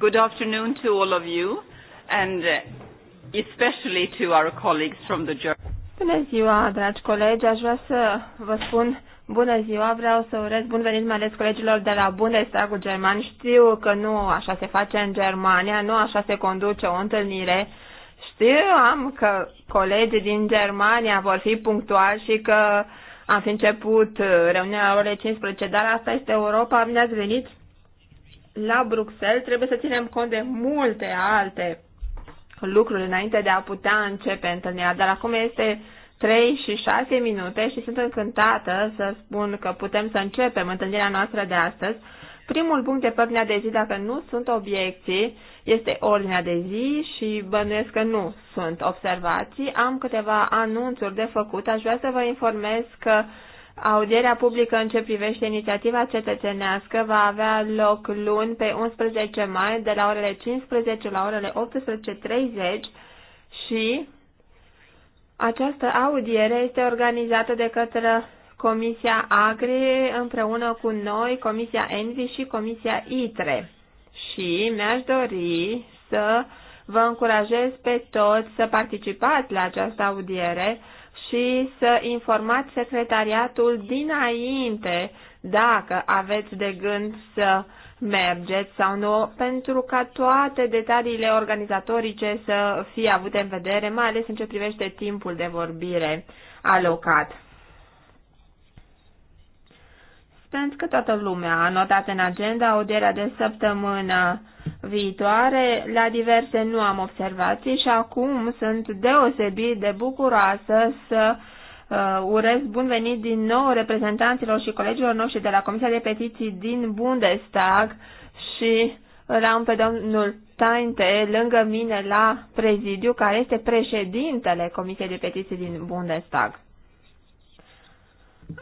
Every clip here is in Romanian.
Good afternoon to all of you and uh, especially to our colleagues from the German. Bună ziua, dragi colegi, aș vrea să vă spun bună ziua, vreau să urez bun venit mai ales colegilor de la Bundestagul German. Știu că nu așa se face în Germania, nu așa se conduce o întâlnire. Știu am că colegii din Germania vor fi punctuali și că am fi început uh, reuniunea la ore 15, dar asta este Europa, bine ați venit la Bruxelles trebuie să ținem cont de multe alte lucruri înainte de a putea începe întâlnirea, dar acum este 3 și 6 minute și sunt încântată să spun că putem să începem întâlnirea noastră de astăzi. Primul punct de pe de zi, dacă nu sunt obiecții, este ordinea de zi și bănuiesc că nu sunt observații. Am câteva anunțuri de făcut. Aș vrea să vă informez că uh, Audierea publică în ce privește inițiativa cetățenească va avea loc luni pe 11 mai de la orele 15 la orele 18.30 și această audiere este organizată de către Comisia Agri împreună cu noi, Comisia Envi și Comisia ITRE. Și mi-aș dori să vă încurajez pe toți să participați la această audiere și să informați secretariatul dinainte dacă aveți de gând să mergeți sau nu, pentru ca toate detaliile organizatorice să fie avute în vedere, mai ales în ce privește timpul de vorbire alocat constant că toată lumea a notat în agenda audierea de săptămână viitoare. La diverse nu am observații și acum sunt deosebit de bucuroasă să uh, urez bun venit din nou reprezentanților și colegilor noștri de la Comisia de Petiții din Bundestag și îl am pe domnul Tainte lângă mine la prezidiu, care este președintele Comisiei de Petiții din Bundestag.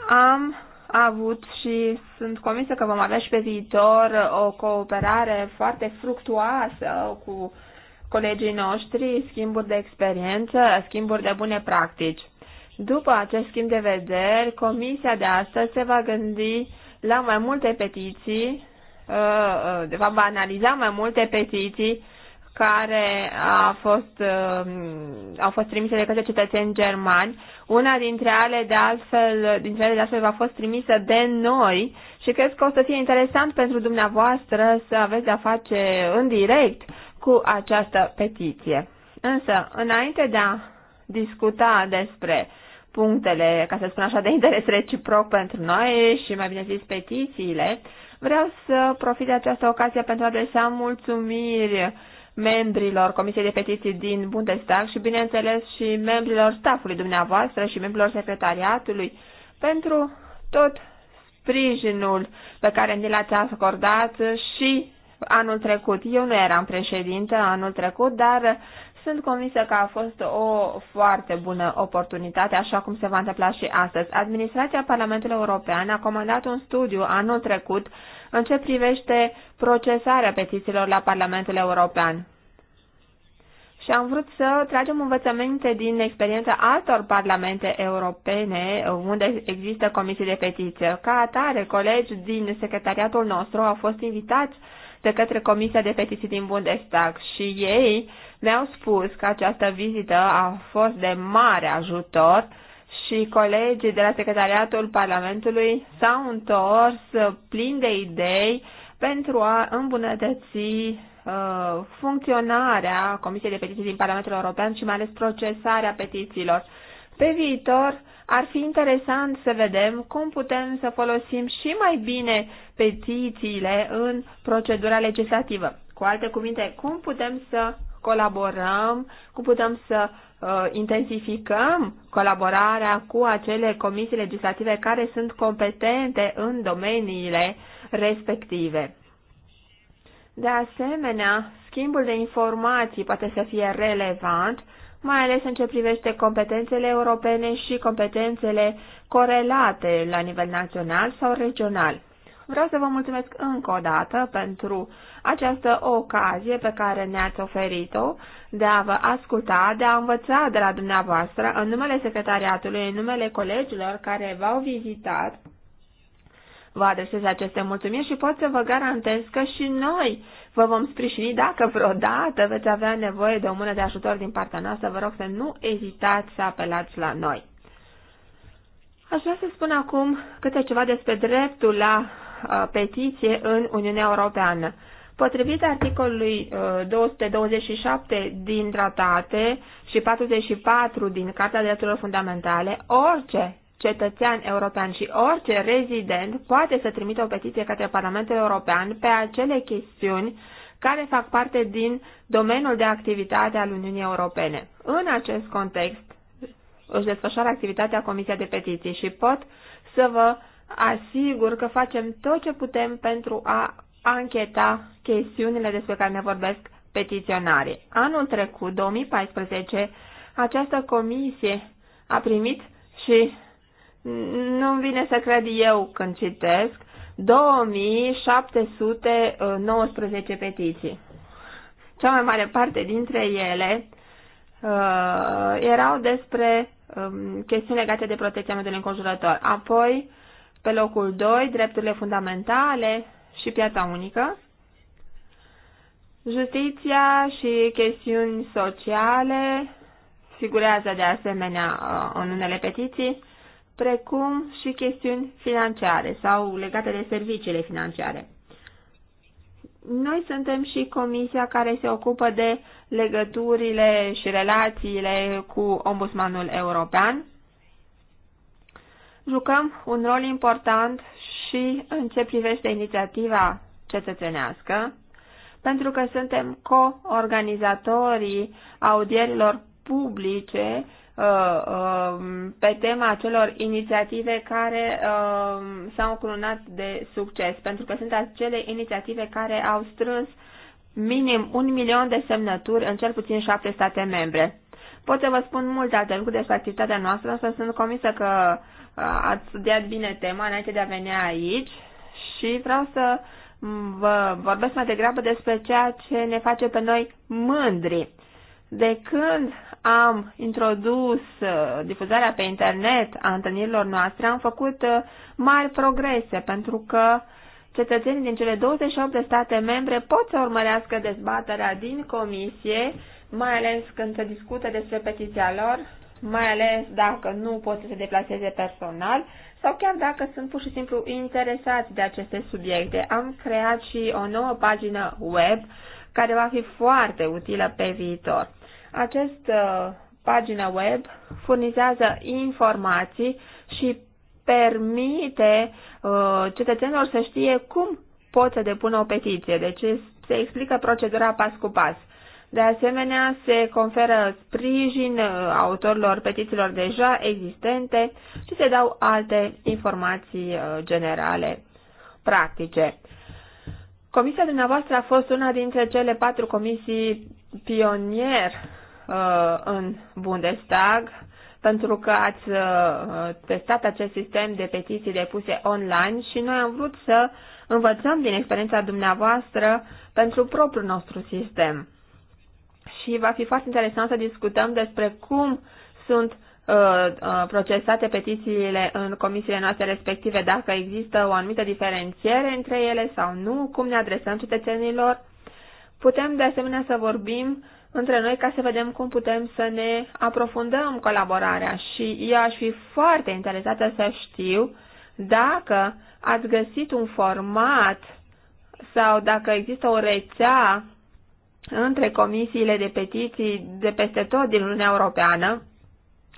Am a avut și sunt convinsă că vom avea și pe viitor o cooperare foarte fructuoasă cu colegii noștri, schimburi de experiență, schimburi de bune practici. După acest schimb de vederi, comisia de astăzi se va gândi la mai multe petiții, uh, uh, va analiza mai multe petiții care a fost, um, au fost trimise de către cetățeni germani. Una dintre ele, de altfel, dintre ele de altfel va fost trimisă de noi și cred că o să fie interesant pentru dumneavoastră să aveți de-a face în direct cu această petiție. Însă, înainte de a discuta despre punctele, ca să spun așa, de interes reciproc pentru noi și, mai bine zis, petițiile, vreau să profit de această ocazie pentru a adresa mulțumiri membrilor Comisiei de Petiții din Bundestag și, bineînțeles, și membrilor staffului dumneavoastră și membrilor secretariatului pentru tot sprijinul pe care ni l-ați acordat și anul trecut. Eu nu eram președinte anul trecut, dar sunt convinsă că a fost o foarte bună oportunitate, așa cum se va întâmpla și astăzi. Administrația Parlamentului European a comandat un studiu anul trecut în ce privește procesarea petițiilor la Parlamentul European. Și am vrut să tragem învățăminte din experiența altor parlamente europene unde există comisii de petiție. Ca atare, colegi din secretariatul nostru au fost invitați de către Comisia de Petiții din Bundestag și ei ne-au spus că această vizită a fost de mare ajutor și colegii de la Secretariatul Parlamentului s-au întors plini de idei pentru a îmbunătăți uh, funcționarea Comisiei de Petiții din Parlamentul European și mai ales procesarea petițiilor. Pe viitor, ar fi interesant să vedem cum putem să folosim și mai bine petițiile în procedura legislativă. Cu alte cuvinte, cum putem să colaborăm, cum putem să uh, intensificăm colaborarea cu acele comisii legislative care sunt competente în domeniile respective. De asemenea, schimbul de informații poate să fie relevant, mai ales în ce privește competențele europene și competențele corelate la nivel național sau regional. Vreau să vă mulțumesc încă o dată pentru această ocazie pe care ne-ați oferit-o de a vă asculta, de a învăța de la dumneavoastră, în numele secretariatului, în numele colegilor care v-au vizitat, Vă adresez aceste mulțumiri și pot să vă garantez că și noi vă vom sprijini dacă vreodată veți avea nevoie de o mână de ajutor din partea noastră. Vă rog să nu ezitați să apelați la noi. Aș vrea să spun acum câte ceva despre dreptul la uh, petiție în Uniunea Europeană. Potrivit articolului 227 uh, din tratate și 44 din Carta Drepturilor Fundamentale, orice cetățean european și orice rezident poate să trimită o petiție către Parlamentul European pe acele chestiuni care fac parte din domeniul de activitate al Uniunii Europene. În acest context își desfășoară activitatea Comisia de Petiții și pot să vă asigur că facem tot ce putem pentru a ancheta chestiunile despre care ne vorbesc petiționarii. Anul trecut, 2014, această comisie a primit și nu-mi vine să cred eu când citesc, 2719 petiții. Cea mai mare parte dintre ele uh, erau despre um, chestiuni legate de protecția mediului înconjurător. Apoi, pe locul 2, drepturile fundamentale, și piața unică, justiția și chestiuni sociale figurează de asemenea uh, în unele petiții, precum și chestiuni financiare sau legate de serviciile financiare. Noi suntem și comisia care se ocupă de legăturile și relațiile cu Ombudsmanul European. Jucăm un rol important și în ce privește inițiativa cetățenească, pentru că suntem co-organizatorii audierilor publice uh, um, pe tema acelor inițiative care um, s-au încununat de succes, pentru că sunt acele inițiative care au strâns minim un milion de semnături în cel puțin șapte state membre. Pot să vă spun multe alte lucruri despre activitatea noastră, însă sunt convinsă că uh, ați studiat bine tema înainte de a veni aici și vreau să vă vorbesc mai degrabă despre ceea ce ne face pe noi mândri. De când am introdus uh, difuzarea pe internet a întâlnirilor noastre, am făcut uh, mari progrese pentru că cetățenii din cele 28 de state membre pot să urmărească dezbaterea din comisie, mai ales când se discută despre petiția lor mai ales dacă nu pot să se deplaseze personal sau chiar dacă sunt pur și simplu interesați de aceste subiecte. Am creat și o nouă pagină web care va fi foarte utilă pe viitor. Această uh, pagină web furnizează informații și permite uh, cetățenilor să știe cum pot să depună o petiție, deci se explică procedura pas cu pas. De asemenea, se conferă sprijin uh, autorilor petițiilor deja existente și se dau alte informații uh, generale practice. Comisia dumneavoastră a fost una dintre cele patru comisii pionier uh, în Bundestag pentru că ați testat acest sistem de petiții depuse online și noi am vrut să învățăm din experiența dumneavoastră pentru propriul nostru sistem și va fi foarte interesant să discutăm despre cum sunt uh, uh, procesate petițiile în comisiile noastre respective, dacă există o anumită diferențiere între ele sau nu, cum ne adresăm cetățenilor. Putem de asemenea să vorbim între noi ca să vedem cum putem să ne aprofundăm colaborarea și eu aș fi foarte interesată să știu dacă ați găsit un format sau dacă există o rețea între comisiile de petiții de peste tot din Uniunea Europeană,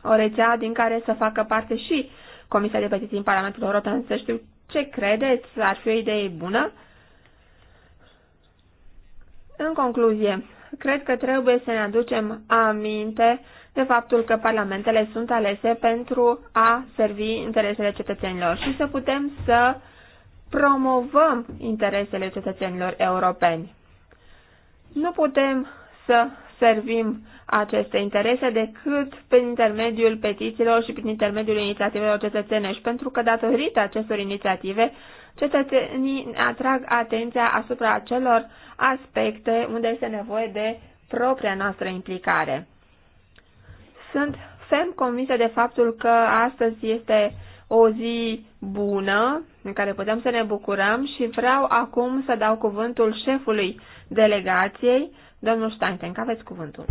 o rețea din care să facă parte și Comisia de Petiții în Parlamentul European. Să știu ce credeți, ar fi o idee bună? În concluzie, cred că trebuie să ne aducem aminte de faptul că parlamentele sunt alese pentru a servi interesele cetățenilor și să putem să promovăm interesele cetățenilor europeni. Nu putem să servim aceste interese decât prin intermediul petițiilor și prin intermediul inițiativelor cetățenești, pentru că datorită acestor inițiative, cetățenii atrag atenția asupra acelor aspecte unde este nevoie de propria noastră implicare. Sunt ferm convinsă de faptul că astăzi este o zi bună în care putem să ne bucurăm și vreau acum să dau cuvântul șefului delegației. Domnul Steinkenk, aveți cuvântul.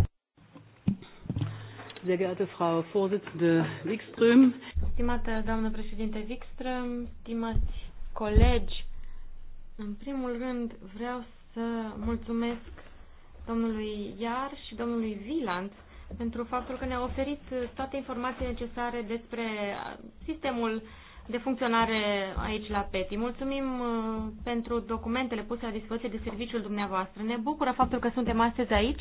Sehr geehrte Frau Vorsitzende Wikström. Stimată doamnă președinte Wikström, stimați colegi, în primul rând vreau să mulțumesc domnului Iar și domnului Viland pentru faptul că ne-a oferit toate informațiile necesare despre sistemul de funcționare aici la PETI. Mulțumim uh, pentru documentele puse la dispoziție de serviciul dumneavoastră. Ne bucură faptul că suntem astăzi aici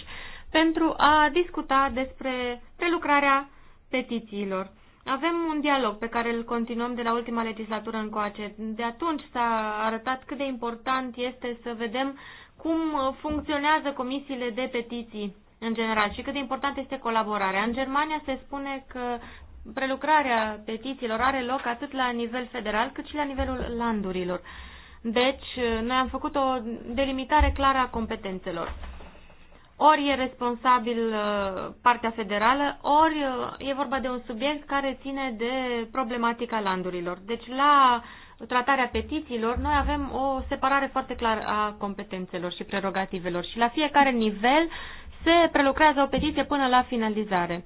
pentru a discuta despre prelucrarea petițiilor. Avem un dialog pe care îl continuăm de la ultima legislatură încoace. De atunci s-a arătat cât de important este să vedem cum uh, funcționează comisiile de petiții în general și cât de important este colaborarea. În Germania se spune că prelucrarea petițiilor are loc atât la nivel federal cât și la nivelul landurilor. Deci, eh, noi am făcut o delimitare clară a competențelor. Ori e responsabil eh, partea federală, ori eh, e vorba de un subiect care ține de problematica landurilor. Deci, la tratarea petițiilor, noi avem o separare foarte clară a competențelor și prerogativelor și la fiecare nivel se prelucrează o petiție până la finalizare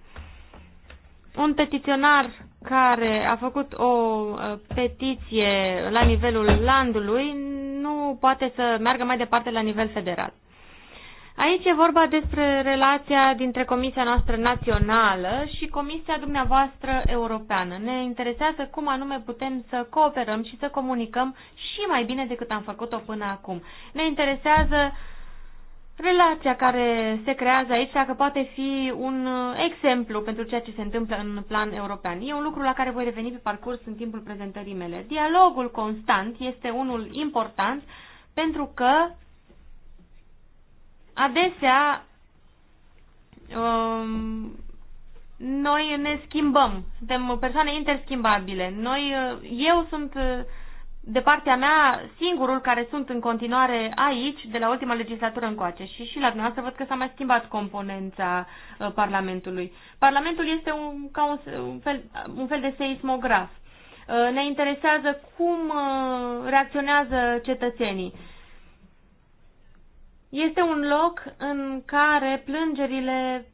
un petiționar care a făcut o uh, petiție la nivelul landului nu poate să meargă mai departe la nivel federal. Aici e vorba despre relația dintre Comisia noastră națională și Comisia dumneavoastră europeană. Ne interesează cum anume putem să cooperăm și să comunicăm și mai bine decât am făcut-o până acum. Ne interesează uh, relația care se creează aici, dacă poate fi un uh, exemplu pentru ceea ce se întâmplă în plan european. E un lucru la care voi reveni pe parcurs în timpul prezentării mele. Dialogul constant este unul important pentru că adesea um, noi ne schimbăm, suntem persoane interschimbabile. Noi, uh, eu sunt uh, de partea mea, singurul care sunt în continuare aici, de la ultima legislatură încoace. Și și la dumneavoastră văd că s-a mai schimbat componența uh, Parlamentului. Parlamentul este un, ca un, un, fel, un fel de seismograf. Uh, ne interesează cum uh, reacționează cetățenii. Este un loc în care plângerile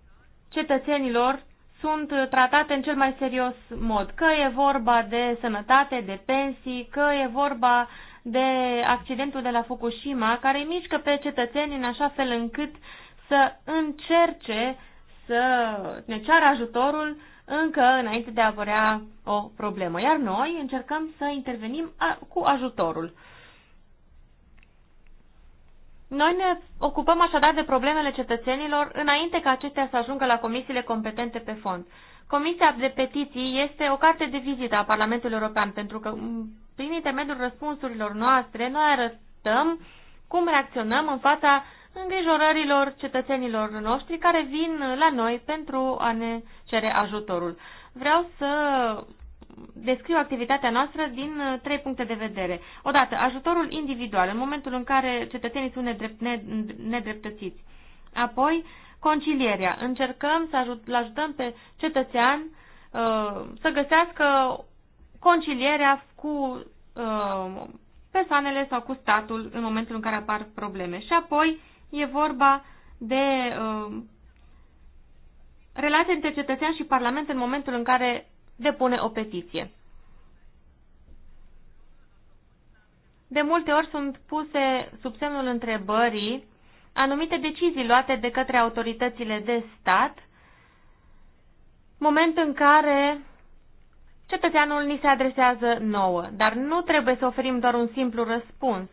cetățenilor sunt uh, tratate în cel mai serios mod. Că e vorba de sănătate, de pensii, că e vorba de accidentul de la Fukushima, care îi mișcă pe cetățeni în așa fel încât să încerce să ne ceară ajutorul încă înainte de a vorea o problemă. Iar noi încercăm să intervenim cu ajutorul. Noi ne ocupăm așadar de problemele cetățenilor înainte ca acestea să ajungă la comisiile competente pe fond. Comisia de petiții este o carte de vizită a Parlamentului European pentru că prin intermediul răspunsurilor noastre noi arătăm cum reacționăm în fața îngrijorărilor cetățenilor noștri care vin la noi pentru a ne cere ajutorul. Vreau să descriu activitatea noastră din uh, trei puncte de vedere. Odată, ajutorul individual, în momentul în care cetățenii sunt nedrept, nedreptățiți. Apoi, concilierea. Încercăm să ajut, ajutăm pe cetățean uh, să găsească concilierea cu uh, persoanele sau cu statul în momentul în care apar probleme. Și apoi e vorba de uh, relația între cetățean și parlament în momentul în care depune o petiție. De multe ori sunt puse sub semnul întrebării anumite decizii luate de către autoritățile de stat, moment în care cetățeanul ni se adresează nouă, dar nu trebuie să oferim doar un simplu răspuns.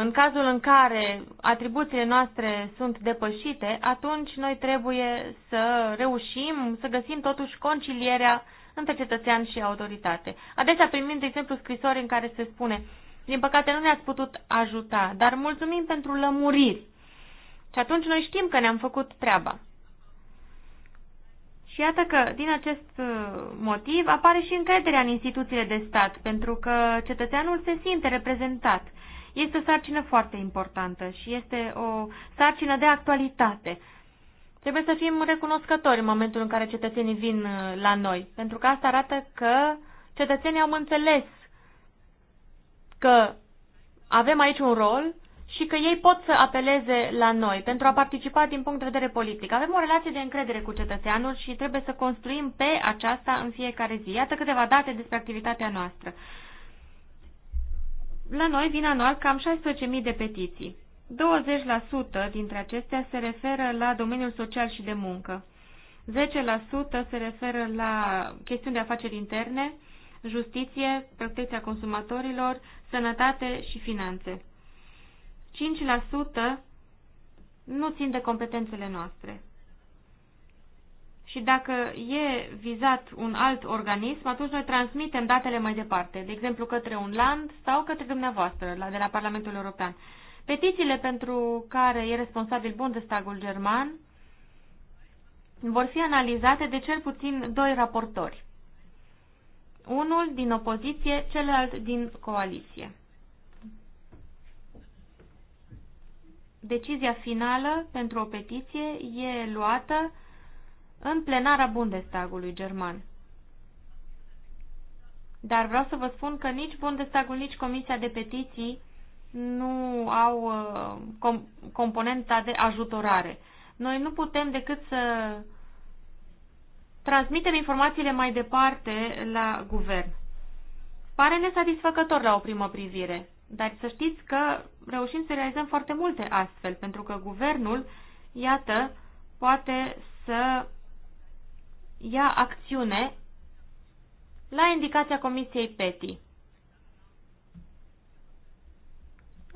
În cazul în care atribuțiile noastre sunt depășite, atunci noi trebuie să reușim să găsim totuși concilierea între cetățean și autoritate. Adesea primim, de exemplu, scrisori în care se spune din păcate nu ne-ați putut ajuta, dar mulțumim pentru lămuriri. Și atunci noi știm că ne-am făcut treaba. Și iată că din acest uh, motiv apare și încrederea în instituțiile de stat, pentru că cetățeanul se simte reprezentat. Este o sarcină foarte importantă și este o sarcină de actualitate. Trebuie să fim recunoscători în momentul în care cetățenii vin uh, la noi, pentru că asta arată că cetățenii au înțeles că avem aici un rol și că ei pot să apeleze la noi pentru a participa din punct de vedere politic. Avem o relație de încredere cu cetățeanul și trebuie să construim pe aceasta în fiecare zi. Iată câteva date despre activitatea noastră. La noi vin anual cam 16.000 de petiții. 20% dintre acestea se referă la domeniul social și de muncă. 10% se referă la chestiuni de afaceri interne, justiție, protecția consumatorilor, sănătate și finanțe. 5% nu țin de competențele noastre. Și dacă e vizat un alt organism, atunci noi transmitem datele mai departe, de exemplu către un land sau către dumneavoastră de la Parlamentul European. Petițiile pentru care e responsabil Bundestagul german vor fi analizate de cel puțin doi raportori. Unul din opoziție, celălalt din coaliție. Decizia finală pentru o petiție e luată în plenara Bundestagului german. Dar vreau să vă spun că nici Bundestagul, nici Comisia de Petiții nu au uh, com- componenta de ajutorare. Noi nu putem decât să transmitem informațiile mai departe la guvern. Pare nesatisfăcător la o primă privire, dar să știți că reușim să realizăm foarte multe astfel, pentru că guvernul, iată, poate să ia acțiune la indicația Comisiei PETI.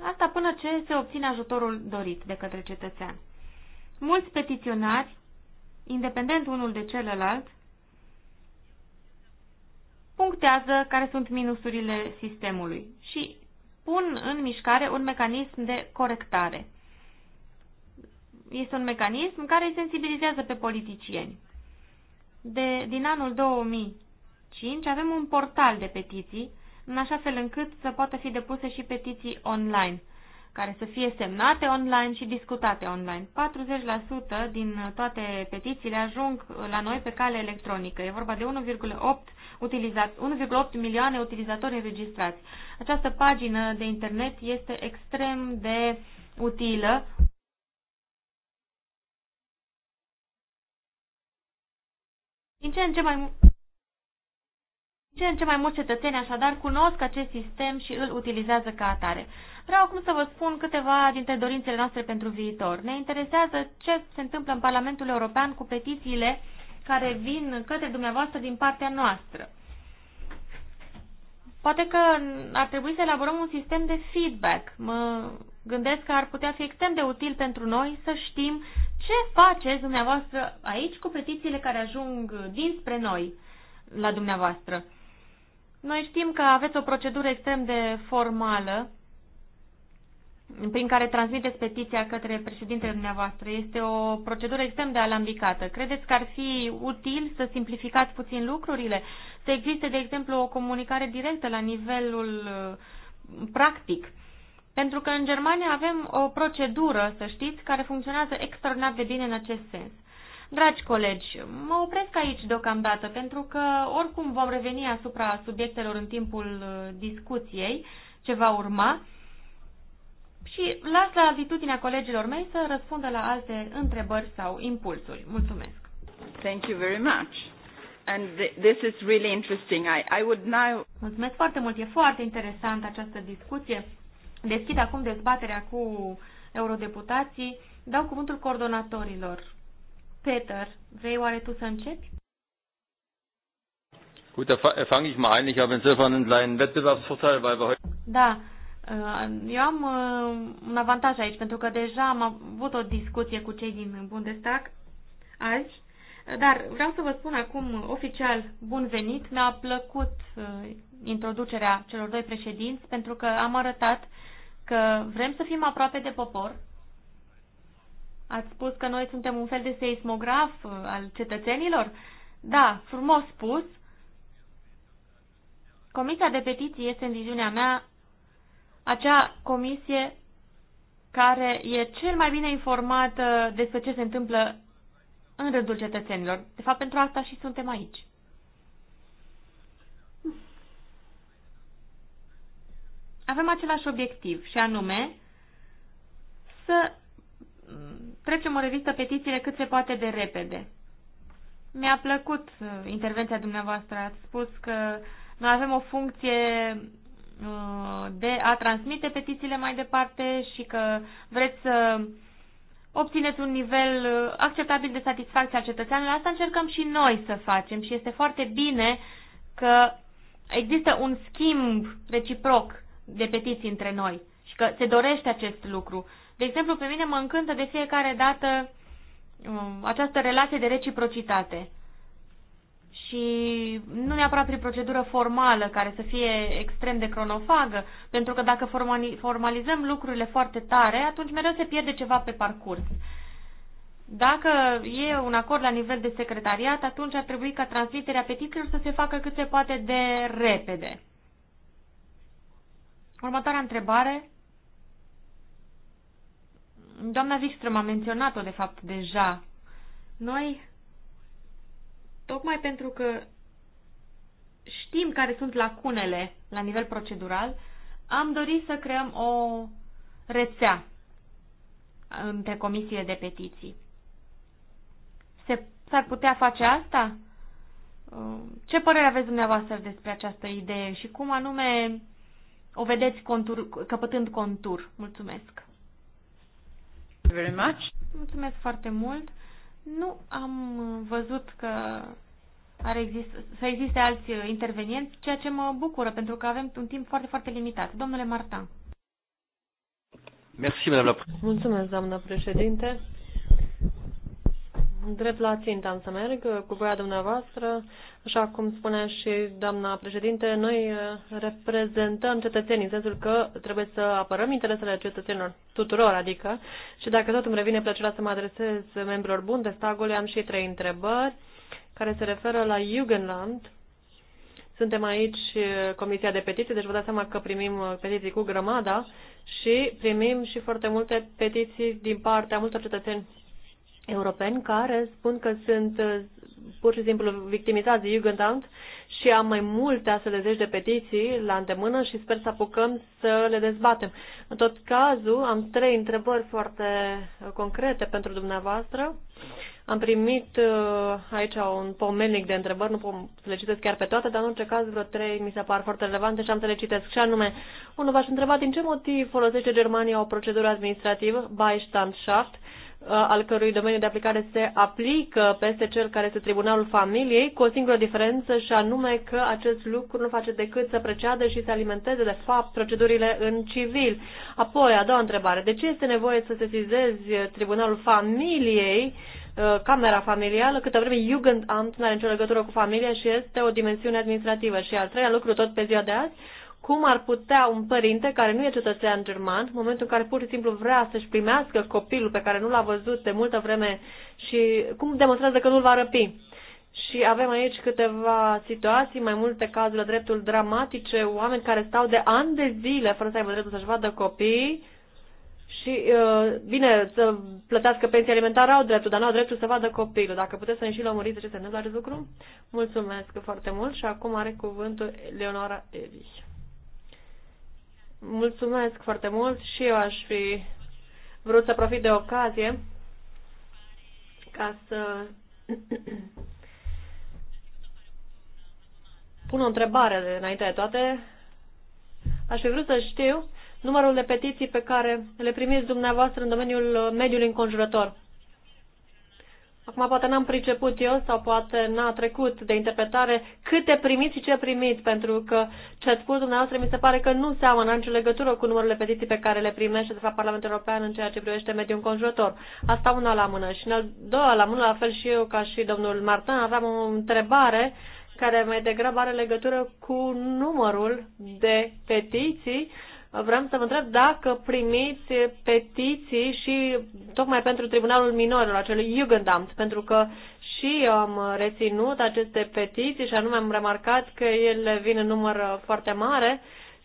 Asta până ce se obține ajutorul dorit de către cetățean. Mulți petiționari, independent unul de celălalt, punctează care sunt minusurile sistemului și pun în mișcare un mecanism de corectare. Este un mecanism care îi sensibilizează pe politicieni. De, din anul 2005 avem un portal de petiții în așa fel încât să poată fi depuse și petiții online, care să fie semnate online și discutate online. 40% din toate petițiile ajung la noi pe cale electronică. E vorba de 1,8 milioane utilizatori înregistrați. Această pagină de internet este extrem de utilă. Din ce în ce mai ce în ce mai mulți cetățeni așadar cunosc acest sistem și îl utilizează ca atare. Vreau acum să vă spun câteva dintre dorințele noastre pentru viitor. Ne interesează ce se întâmplă în Parlamentul European cu petițiile care vin către dumneavoastră din partea noastră. Poate că ar trebui să elaborăm un sistem de feedback. Mă gândesc că ar putea fi extrem de util pentru noi să știm ce faceți dumneavoastră aici cu petițiile care ajung dinspre noi la dumneavoastră. Noi știm că aveți o procedură extrem de formală prin care transmiteți petiția către președintele dumneavoastră. Este o procedură extrem de alambicată. Credeți că ar fi util să simplificați puțin lucrurile? Să existe, de exemplu, o comunicare directă la nivelul uh, practic? Pentru că în Germania avem o procedură, să știți, care funcționează extraordinar de bine în acest sens. Dragi colegi, mă opresc aici deocamdată pentru că oricum vom reveni asupra subiectelor în timpul uh, discuției ce va urma și las la altitudinea colegilor mei să răspundă la alte întrebări sau impulsuri. Mulțumesc! Thank you very much. And this is really interesting. I, I would now... Mulțumesc foarte mult. E foarte interesant această discuție. Deschid acum dezbaterea cu eurodeputații. Dau cuvântul coordonatorilor. Peter, vrei oare tu să începi? Gut, da fang ich mal ein. Ich habe insofern einen kleinen Wettbewerbsvorteil, weil wir heute... Da, eh, eu am eh, un avantaj aici, pentru că deja am avut o discuție cu cei din Bundestag azi, dar vreau să vă spun acum oficial bun venit. Mi-a plăcut eh, introducerea celor doi președinți, pentru că am arătat că vrem să fim aproape de popor, Ați spus că noi suntem un fel de seismograf uh, al cetățenilor? Da, frumos spus. Comisia de petiții este, în viziunea mea, acea comisie care e cel mai bine informată despre ce se întâmplă în rândul cetățenilor. De fapt, pentru asta și suntem aici. Avem același obiectiv și anume să trecem o revistă petițiile cât se poate de repede. Mi-a plăcut uh, intervenția dumneavoastră. Ați spus că noi avem o funcție uh, de a transmite petițiile mai departe și că vreți să obțineți un nivel uh, acceptabil de satisfacție a cetățeanului. Asta încercăm și noi să facem și este foarte bine că există un schimb reciproc de petiții între noi și că se dorește acest lucru. De exemplu, pe mine mă încântă de fiecare dată um, această relație de reciprocitate și nu neapărat prin procedură formală care să fie extrem de cronofagă, pentru că dacă formalizăm lucrurile foarte tare, atunci mereu se pierde ceva pe parcurs. Dacă e un acord la nivel de secretariat, atunci ar trebui ca transmiterea petițiilor să se facă cât se poate de repede. Următoarea întrebare Doamna Wikström a menționat-o, de fapt, deja. Noi, tocmai pentru că știm care sunt lacunele la nivel procedural, am dorit să creăm o rețea între comisiile de petiții. Se, s-ar putea face asta? Uh, ce părere aveți dumneavoastră despre această idee și cum anume o vedeți contur, căpătând contur? Mulțumesc! Very much. Mulțumesc foarte mult. Nu am văzut că ar exist, să existe alți intervenienți, ceea ce mă bucură, pentru că avem un timp foarte, foarte limitat. Domnule Martin. Merci, Mulțumesc, doamnă președinte drept la țintă am să merg, cu voia dumneavoastră. Așa cum spunea și doamna președinte, noi uh, reprezentăm cetățenii, în sensul că trebuie să apărăm interesele cetățenilor tuturor, adică, și dacă tot îmi revine plăcerea să mă adresez membrilor de Bundestagului, am și trei întrebări care se referă la Jugendland. Suntem aici uh, Comisia de Petiții, deci vă dați seama că primim uh, petiții cu grămada și primim și foarte multe petiții din partea multor cetățeni europeni care spun că sunt uh, pur și simplu victimizați de Jugendamt și am mai multe astfel de zeci de petiții la îndemână și sper să apucăm să le dezbatem. În tot cazul, am trei întrebări foarte uh, concrete pentru dumneavoastră. Am primit uh, aici un pomenic de întrebări, nu pot să le citesc chiar pe toate, dar în orice caz vreo trei mi se par foarte relevante și am să le citesc. Și anume, unul v-aș întreba din ce motiv folosește Germania o procedură administrativă, Beistandschaft, Uh, al cărui domeniu de aplicare se aplică peste cel care este Tribunalul Familiei, cu o singură diferență și anume că acest lucru nu face decât să preceadă și să alimenteze, de fapt, procedurile în civil. Apoi, a doua întrebare, de ce este nevoie să sesizezi Tribunalul Familiei uh, camera familială, câtă vreme Jugendamt nu are nicio legătură cu familia și este o dimensiune administrativă. Și al treia lucru, tot pe ziua de azi, cum ar putea un părinte care nu e cetățean german, în momentul în care pur și simplu vrea să-și primească copilul pe care nu l-a văzut de multă vreme și cum demonstrează că nu-l va răpi? Și avem aici câteva situații, mai multe cazuri dreptul dramatice, oameni care stau de ani de zile fără să aibă dreptul să-și vadă copii și, uh, bine, să plătească pensie alimentară au dreptul, dar nu au dreptul să vadă copilul. Dacă puteți să ne și lămuriți ce se întâmplă acest lucru, mulțumesc foarte mult și acum are cuvântul Leonora Evi. Mulțumesc foarte mult și eu aș fi vrut să profit de ocazie ca să pun o întrebare de înainte de toate. Aș fi vrut să știu numărul de petiții pe care le primiți dumneavoastră în domeniul mediului înconjurător. Acum poate n-am priceput eu sau poate n-a trecut de interpretare câte primiți și ce primiți, pentru că ce ați spus dumneavoastră mi se pare că nu seamănă nicio legătură cu numărul de petiții pe care le primește de la Parlamentul European în ceea ce privește mediul înconjurător. Asta una la mână. Și în al doua la mână, la fel și eu ca și domnul Martin, aveam o întrebare care mai degrabă are legătură cu numărul de petiții vreau să vă întreb dacă primiți petiții și tocmai pentru Tribunalul Minorilor, acelui Jugendamt, pentru că și eu am reținut aceste petiții și anume am remarcat că ele vin în număr foarte mare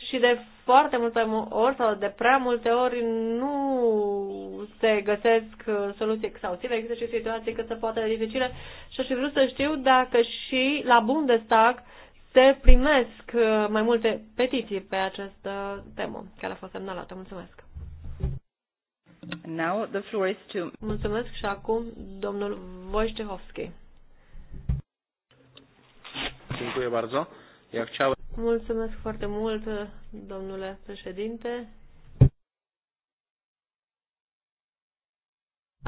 și de foarte multe ori sau de prea multe ori nu se găsesc soluții exhaustive, există și situații cât se poate de dificile și aș fi vrut să știu dacă și la Bundestag uh, te primesc uh, mai multe petiții pe această temă care a fost semnalată. Mulțumesc! Now the floor is to... Mulțumesc și acum domnul Wojciechowski. Mulțumesc foarte mult, domnule președinte.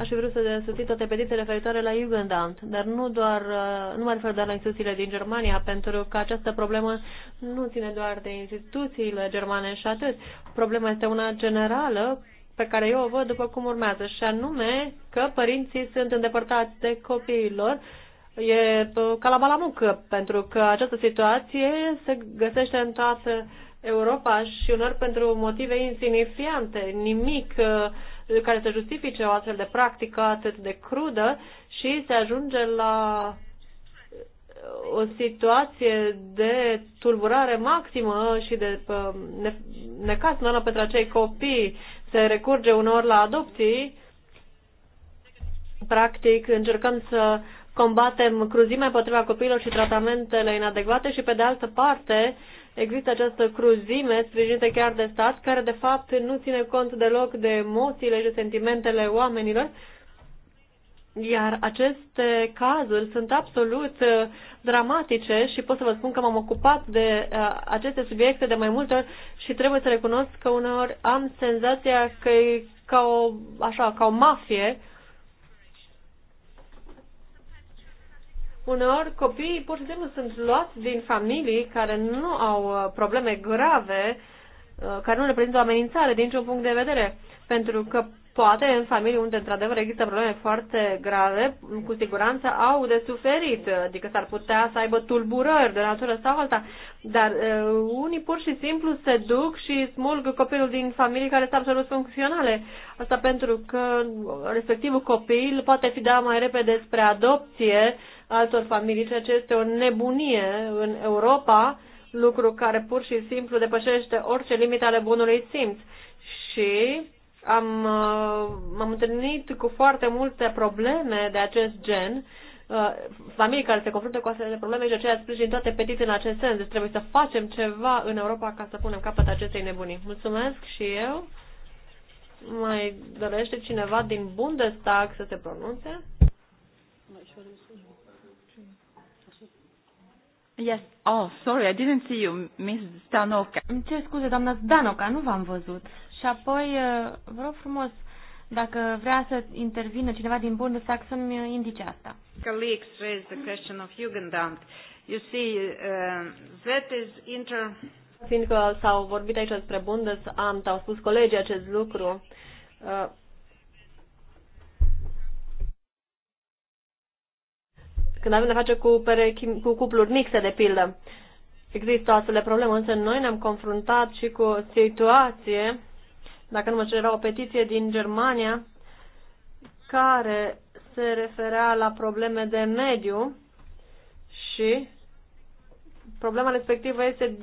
Aș fi vrut să susțin toate petițiile referitoare la Jugendamt, dar nu, doar, uh, nu mă refer doar la instituțiile din Germania, pentru că această problemă nu ține doar de instituțiile germane și atât. Problema este una generală pe care eu o văd după cum urmează, și anume că părinții sunt îndepărtați de copiilor e uh, ca la balamucă, pentru că această situație se găsește în toată Europa și unor pentru motive insignifiante, nimic uh, care să justifice o astfel de practică atât de crudă și se ajunge la uh, o situație de tulburare maximă și de uh, necasnală pentru acei copii. Se recurge unor la adopții. Practic, încercăm să combatem cruzimea împotriva copiilor și tratamentele inadecvate și, pe de altă parte, există această cruzime sprijinită chiar de stat, care de fapt nu ține cont deloc de emoțiile și de sentimentele oamenilor, iar aceste cazuri sunt absolut uh, dramatice și pot să vă spun că m-am ocupat de uh, aceste subiecte de mai multe ori și trebuie să recunosc că uneori am senzația că e ca o, așa, ca o mafie Uneori copiii pur și simplu sunt luați din familii care nu au uh, probleme grave, uh, care nu reprezintă o amenințare din niciun punct de vedere, pentru că poate în familii unde într-adevăr există probleme foarte grave, cu siguranță au de suferit, uh, adică s-ar putea să aibă tulburări de natură sau alta, dar uh, unii pur și simplu se duc și smulg copilul din familii care sunt absolut funcționale. Asta pentru că respectivul copil poate fi dat mai repede spre adopție altor familii, ceea ce este o nebunie în Europa, lucru care pur și simplu depășește orice limită ale bunului simț. Și am, uh, m-am întâlnit cu foarte multe probleme de acest gen, uh, familii care se confruntă cu astfel de probleme și aceea sprijin toate petiții în acest sens. Deci trebuie să facem ceva în Europa ca să punem capăt acestei nebunii. Mulțumesc și eu. Mai dorește cineva din Bundestag să se pronunțe? Mai Yes. Oh, sorry, I didn't see you, Miss Stanoca. Îmi cer scuze, doamna Danoka nu v-am văzut. Și apoi, uh, vă rog frumos, dacă vrea să intervină cineva din Bundestag, să-mi indice asta. Colleagues raised the question of Jugendamt. You see, uh, that is inter... Fiindcă s-au vorbit aici despre Bundesamt, au spus colegii acest lucru. Uh, când avem de face cu, perechi, cu cupluri mixte, de pildă. Există o astfel de problemă, însă noi ne-am confruntat și cu o situație, dacă nu mă cer, era o petiție din Germania, care se referea la probleme de mediu și problema respectivă este,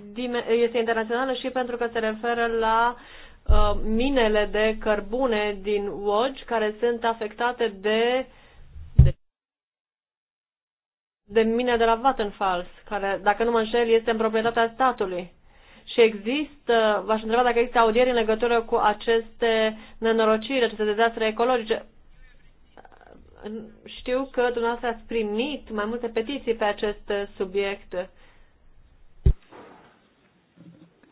este internațională și pentru că se referă la uh, minele de cărbune din Łódź care sunt afectate de uh, de mine de la Vattenfalls, care, dacă nu mă înșel, este în proprietatea statului. Și există, v-aș întreba dacă există audieri în legătură cu aceste nenorociri, aceste dezastre ecologice. Știu că dumneavoastră ați primit mai multe petiții pe acest subiect.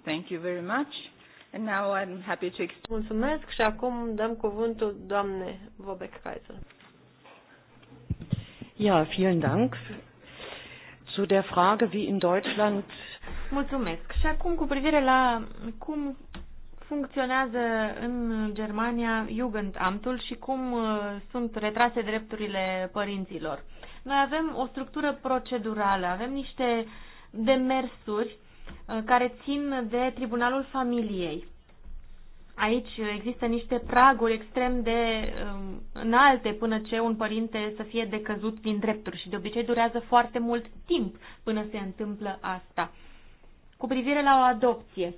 Thank you very much. And now I'm happy to... Mulțumesc și acum dăm cuvântul doamne Vobek Kaiser. Ja, vielen Dank. Zu der Frage, wie in Deutschland. Mulțumesc. Și acum cu privire la cum funcționează în Germania Jugendamtul și cum uh, sunt retrase drepturile părinților. Noi avem o structură procedurală, avem niște demersuri uh, care țin de Tribunalul Familiei. Aici există niște praguri extrem de um, înalte până ce un părinte să fie decăzut din drepturi și de obicei durează foarte mult timp până se întâmplă asta. Cu privire la o adopție,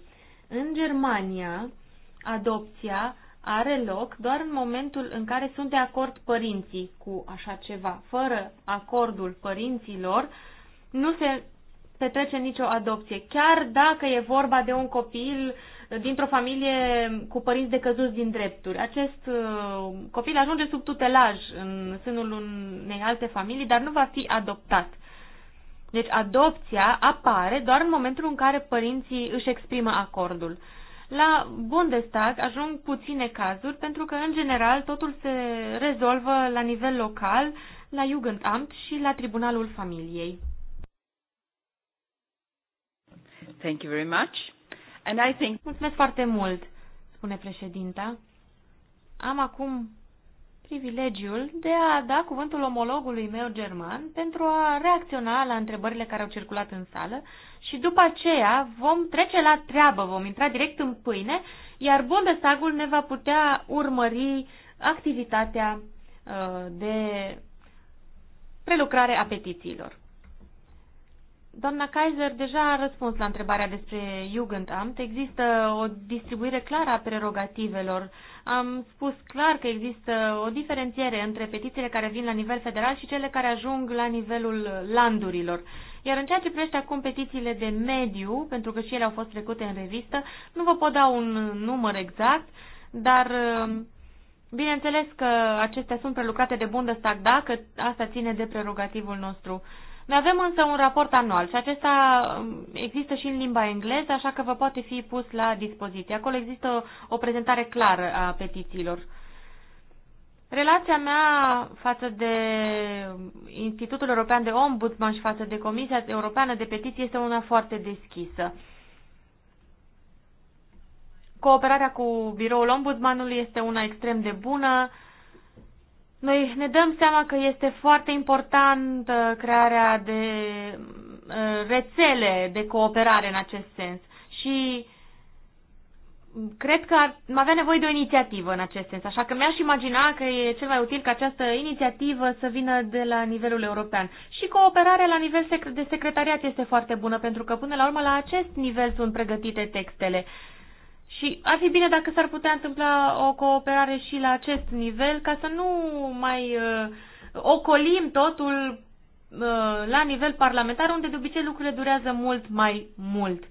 în Germania adopția are loc doar în momentul în care sunt de acord părinții cu așa ceva. Fără acordul părinților nu se petrece nicio adopție, chiar dacă e vorba de un copil uh, dintr-o familie cu părinți decăzuți din drepturi. Acest uh, copil ajunge sub tutelaj în sânul unei alte familii, dar nu va fi adoptat. Deci adopția apare doar în momentul în care părinții își exprimă acordul. La Bundestag ajung puține cazuri pentru că, în general, totul se rezolvă la nivel local, la Jugendamt și la Tribunalul Familiei. Thank you very much. And I think... Mulțumesc foarte mult, spune președinta. Am acum privilegiul de a da cuvântul omologului meu german pentru a reacționa la întrebările care au circulat în sală și după aceea vom trece la treabă, vom intra direct în pâine, iar Bundestagul ne va putea urmări activitatea uh, de prelucrare a petițiilor. Doamna Kaiser deja a răspuns la întrebarea despre Jugendamt. Există o distribuire clară a prerogativelor. Am spus clar că există o diferențiere între petițiile care vin la nivel federal și cele care ajung la nivelul landurilor. Iar în ceea ce privește acum petițiile de mediu, pentru că și ele au fost trecute în revistă, nu vă pot da un număr exact, dar um, bineînțeles că acestea sunt prelucrate de Bundestag dacă asta ține de prerogativul nostru. Noi avem însă un raport anual și acesta um, există și în limba engleză, așa că vă poate fi pus la dispoziție. Acolo există o, o prezentare clară a petițiilor. Relația mea față de Institutul European de Ombudsman și față de Comisia Europeană de Petiții este una foarte deschisă. Cooperarea cu biroul ombudsmanului este una extrem de bună, noi ne dăm seama că este foarte important uh, crearea de uh, rețele de cooperare în acest sens și cred că ar avea nevoie de o inițiativă în acest sens, așa că mi-aș imagina că e cel mai util ca această inițiativă să vină de la nivelul european. Și cooperarea la nivel de secretariat este foarte bună, pentru că până la urmă la acest nivel sunt pregătite textele și ar fi bine dacă s-ar putea întâmpla o cooperare și la acest nivel, ca să nu mai uh, ocolim totul uh, la nivel parlamentar, unde de obicei lucrurile durează mult mai mult.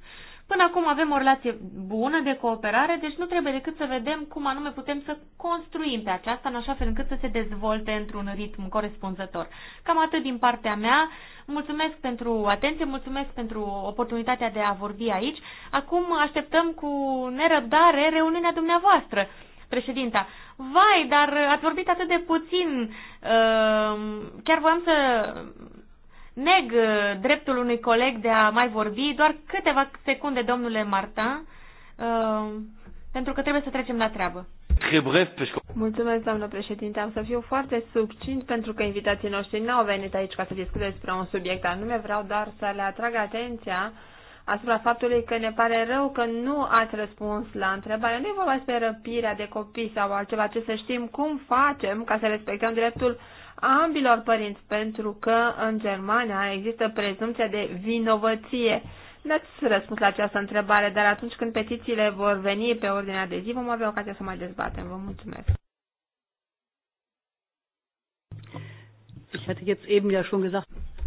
Până acum avem o relație bună de cooperare, deci nu trebuie decât să vedem cum anume putem să construim pe aceasta în așa fel încât să se dezvolte într-un ritm corespunzător. Cam atât din partea mea. Mulțumesc pentru atenție, mulțumesc pentru oportunitatea de a vorbi aici. Acum așteptăm cu nerăbdare reuniunea dumneavoastră. Președinta, vai, dar ați vorbit atât de puțin. Uh, chiar voiam să Neg uh, dreptul unui coleg de a mai vorbi doar câteva secunde, domnule Martin, uh, pentru că trebuie să trecem la treabă. Mulțumesc, doamnă președinte. Am să fiu foarte subțint pentru că invitații noștri nu au venit aici ca să discute despre un subiect anume. Vreau doar să le atrag atenția asupra faptului că ne pare rău că nu ați răspuns la întrebare. Nu e vorba despre răpirea de copii sau altceva, ce să știm cum facem ca să respectăm dreptul ambilor părinți, pentru că în Germania există prezumția de vinovăție. N-ați răspuns la această întrebare, dar atunci când petițiile vor veni pe ordinea de zi, vom avea ocazia să mai dezbatem. Vă mulțumesc.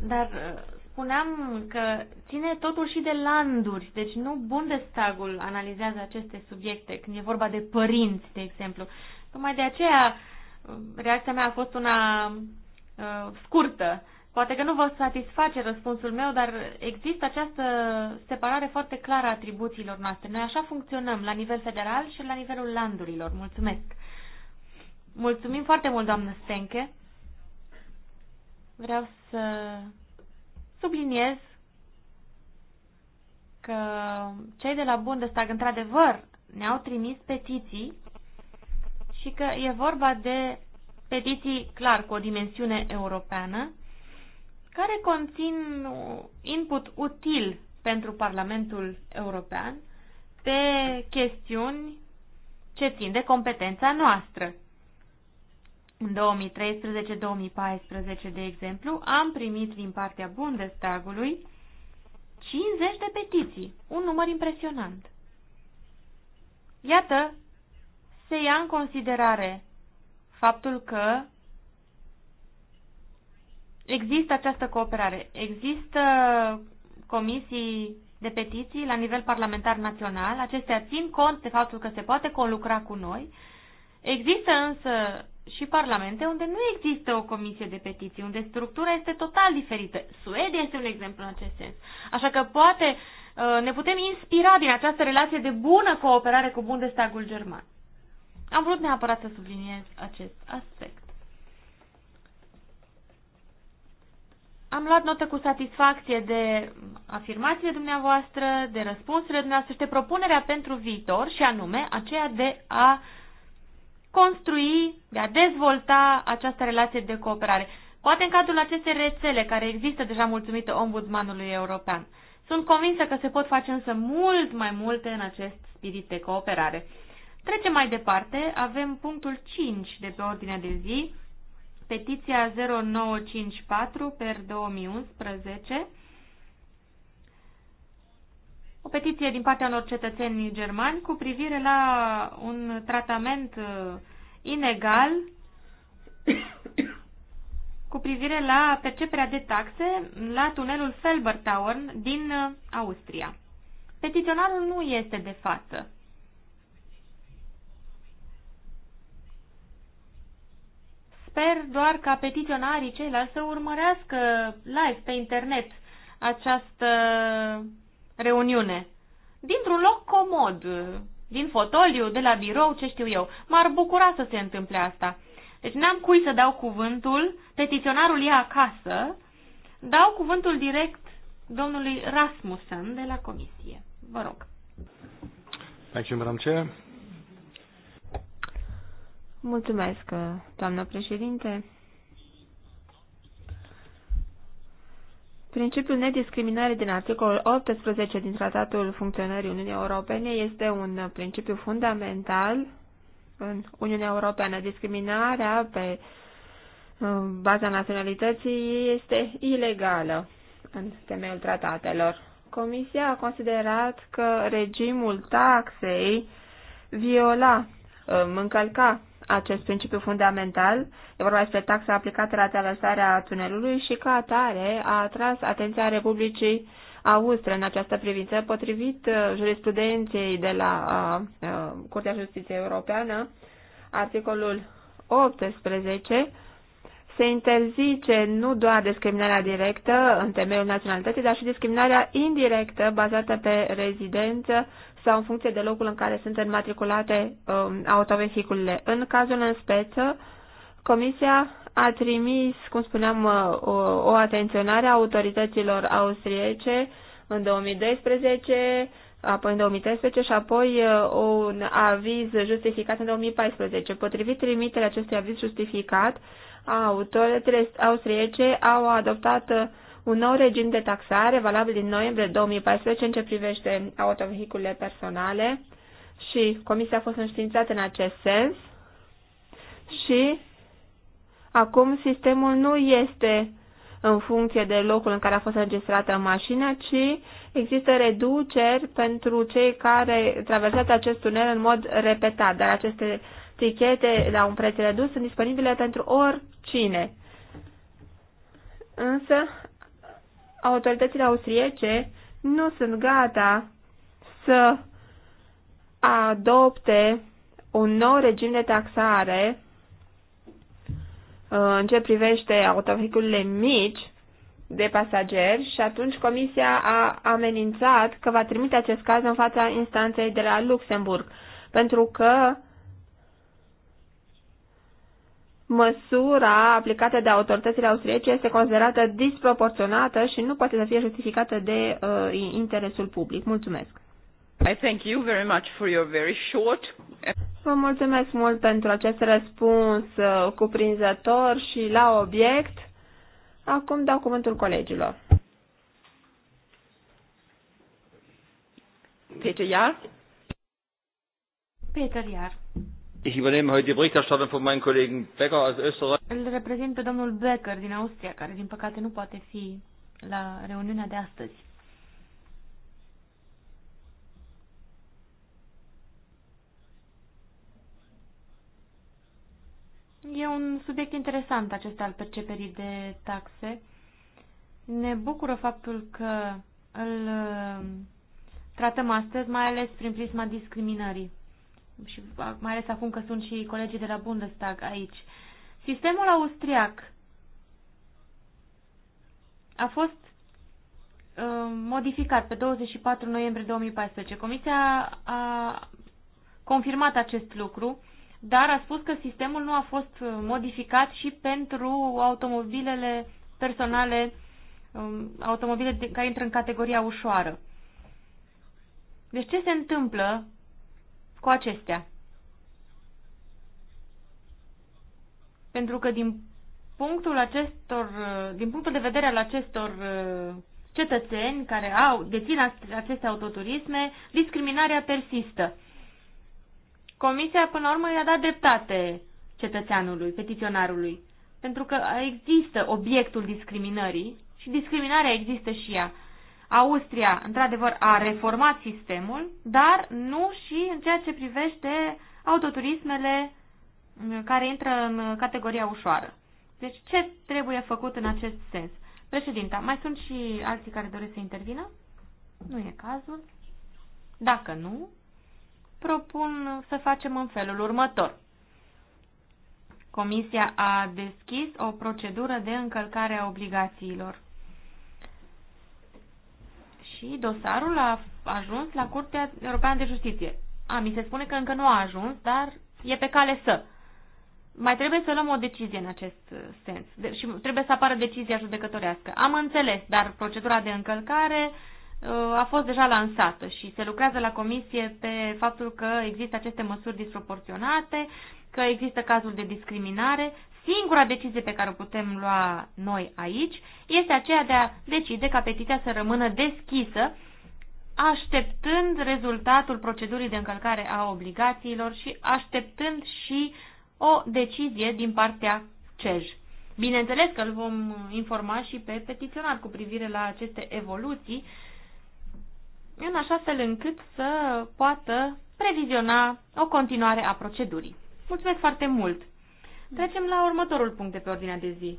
Dar uh, spuneam că ține totul și de landuri, deci nu Bundestagul analizează aceste subiecte când e vorba de părinți, de exemplu. Tocmai de aceea Ehm, reacția mea a fost una ehm, scurtă. Poate că nu vă satisface răspunsul meu, dar există această separare foarte clară a atribuțiilor noastre. Noi așa funcționăm la nivel federal și la nivelul landurilor. Mulțumesc! Mulțumim foarte mult, doamnă Stenche. Vreau să subliniez că cei de la Bundestag, într-adevăr, ne-au trimis petiții și că e vorba de petiții, clar, cu o dimensiune europeană, care conțin input util pentru Parlamentul European pe chestiuni ce țin de competența noastră. În 2013-2014, de exemplu, am primit din partea Bundestagului 50 de petiții, un număr impresionant. Iată se ia în considerare faptul că există această cooperare. Există comisii de petiții la nivel parlamentar național, acestea țin cont de faptul că se poate conlucra cu noi. Există însă și parlamente unde nu există o comisie de petiții, unde structura este total diferită. Suedia este un exemplu în acest sens. Așa că poate uh, ne putem inspira din această relație de bună cooperare cu Bundestagul german. Am vrut neapărat să subliniez acest aspect. Am luat notă cu satisfacție de afirmațiile dumneavoastră, de răspunsurile dumneavoastră și de propunerea pentru viitor, și anume aceea de a construi, de a dezvolta această relație de cooperare. Poate în cadrul acestei rețele care există deja mulțumită ombudsmanului european. Sunt convinsă că se pot face însă mult mai multe în acest spirit de cooperare. Trecem mai departe. Avem punctul 5 de pe ordinea de zi, petiția 0954 per 2011, o petiție din partea unor cetățeni germani cu privire la un tratament uh, inegal cu privire la perceperea de taxe la tunelul Felbertown din uh, Austria. Petiționarul nu este de față. Sper doar ca petiționarii ceilalți să urmărească live pe internet această reuniune. Dintr-un loc comod, din fotoliu, de la birou, ce știu eu. M-ar bucura să se întâmple asta. Deci n-am cui să dau cuvântul, petiționarul e acasă, dau cuvântul direct domnului Rasmussen de la comisie. Vă rog. Mulțumesc, Mulțumesc, doamnă președinte. Principiul nediscriminării din articolul 18 din Tratatul Funcționării Uniunii Europene este un principiu fundamental în Uniunea Europeană. Discriminarea pe uh, baza naționalității este ilegală în temeiul tratatelor. Comisia a considerat că regimul taxei viola, uh, încălca acest principiu fundamental, e vorba despre taxa aplicată la traversarea tunelului și ca atare a atras atenția Republicii Austre în această privință, potrivit uh, jurisprudenței de la uh, uh, Curtea Justiției Europeană, articolul 18, se interzice nu doar discriminarea directă în temeiul naționalității, dar și discriminarea indirectă bazată pe rezidență, sau în funcție de locul în care sunt înmatriculate um, autovehiculele. În cazul în speță, Comisia a trimis, cum spuneam, uh, o, o atenționare a autorităților austriece în 2012, apoi în 2013 și apoi uh, un aviz justificat în 2014. Potrivit trimiterea acestui aviz justificat, autoritățile austriece au adoptat uh, un nou regim de taxare valabil din noiembrie 2014 în ce privește autovehiculele personale și comisia a fost înștiințată în acest sens și acum sistemul nu este în funcție de locul în care a fost înregistrată mașina, ci există reduceri pentru cei care traversează acest tunel în mod repetat, dar aceste tichete la un preț redus sunt disponibile pentru oricine. Însă autoritățile austriece nu sunt gata să adopte un nou regim de taxare uh, în ce privește autovehiculele mici de pasageri și atunci Comisia a amenințat că va trimite acest caz în fața instanței de la Luxemburg, pentru că măsura aplicată de autoritățile austriece este considerată disproporționată și nu poate să fie justificată de uh, interesul public. Mulțumesc. I thank you very much for your very short Vă mulțumesc mult pentru acest răspuns uh, cuprinzător și la obiect. Acum dau cuvântul colegilor. Peter Iar. Peter Iar. Ich übernehme heute die Berichterstattung von meinem Kollegen Becker aus Österreich. Îl reprezint pe domnul Becker din Austria, care din păcate nu poate fi la reuniunea de astăzi. E un subiect interesant acesta al perceperii de taxe. Ne bucură faptul că îl uh, tratăm astăzi, mai ales prin prisma discriminării și mai ales acum că sunt și colegii de la Bundestag aici. Sistemul austriac a fost uh, modificat pe 24 noiembrie 2014. Comisia a confirmat acest lucru, dar a spus că sistemul nu a fost uh, modificat și pentru automobilele personale, um, automobile care intră în categoria ușoară. Deci ce se întâmplă cu acestea. Pentru că din punctul acestor, din punctul de vedere al acestor uh, cetățeni care au, dețin aceste autoturisme, discriminarea persistă. Comisia, până la urmă, i-a dat dreptate cetățeanului, petiționarului, pentru că există obiectul discriminării și discriminarea există și ea. Austria, într-adevăr, a reformat sistemul, dar nu și în ceea ce privește autoturismele mm, care intră în categoria ușoară. Deci ce trebuie făcut în acest sens? Președinta, mai sunt și alții care doresc să intervină? Nu e cazul. Dacă nu, propun să facem în felul următor. Comisia a deschis o procedură de încălcare a obligațiilor și dosarul a ajuns la Curtea Europeană de Justiție. A, mi se spune că încă nu a ajuns, dar e pe cale să. Mai trebuie să luăm o decizie în acest uh, sens de- și trebuie să apară decizia judecătorească. Am înțeles, dar procedura de încălcare uh, a fost deja lansată și se lucrează la comisie pe faptul că există aceste măsuri disproporționate, că există cazul de discriminare. Singura decizie pe care o putem lua noi aici este aceea de a decide ca petiția să rămână deschisă, așteptând rezultatul procedurii de încălcare a obligațiilor și așteptând și o decizie din partea CEJ. Bineînțeles că îl vom informa și pe petiționar cu privire la aceste evoluții, în așa fel încât să poată previziona o continuare a procedurii. Mulțumesc foarte mult! Trecem la următorul punct de pe ordinea de zi.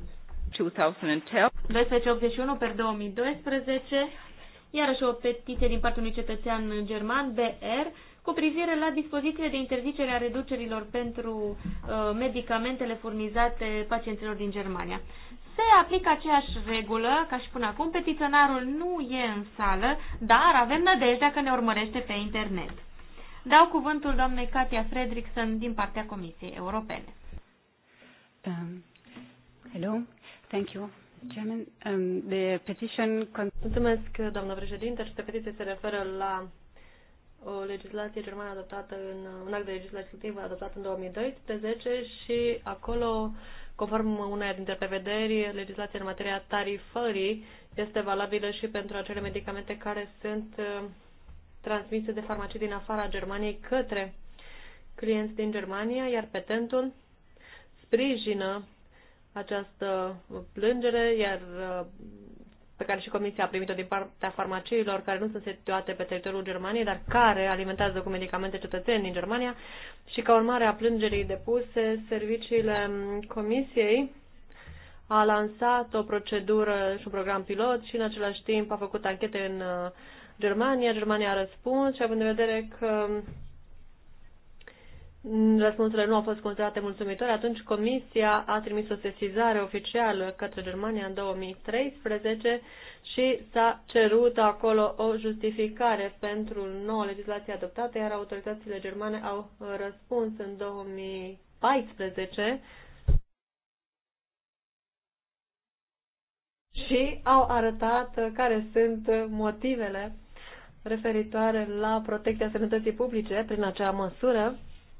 281 per 2012, iarăși o petiție din partea unui cetățean german, BR, cu privire la dispozițiile de interzicere a reducerilor pentru uh, medicamentele furnizate pacienților din Germania. Se aplică aceeași regulă ca și până acum, petiționarul nu e în sală, dar avem nădejdea că ne urmărește pe internet. Dau cuvântul doamnei Katia Fredrickson din partea Comisiei Europene. Um, hello, Thank you. Chairman, um, the petition... Mulțumesc, doamnă președinte. Această petiție se referă la o legislație germană adoptată în un act de legislativ adoptat în 2012 și acolo, conform unei dintre prevederi, legislația în materia tarifării este valabilă și pentru acele medicamente care sunt uh, transmise de farmacii din afara Germaniei către clienți din Germania, iar petentul sprijină această plângere, iar uh, pe care și Comisia a primit-o din partea farmaciilor care nu sunt situate pe teritoriul Germaniei, dar care alimentează cu medicamente cetățeni din Germania și ca urmare a plângerii depuse, serviciile um, Comisiei a lansat o procedură și un program pilot și în același timp a făcut anchete în uh, Germania. Germania a răspuns și având în vedere că um, răspunsurile nu au fost considerate mulțumitoare, atunci Comisia a trimis o sesizare oficială către Germania în 2013 și s-a cerut acolo o justificare pentru noua legislație adoptată, iar autoritățile germane au răspuns în 2014 și au arătat care sunt motivele referitoare la protecția sănătății publice prin acea măsură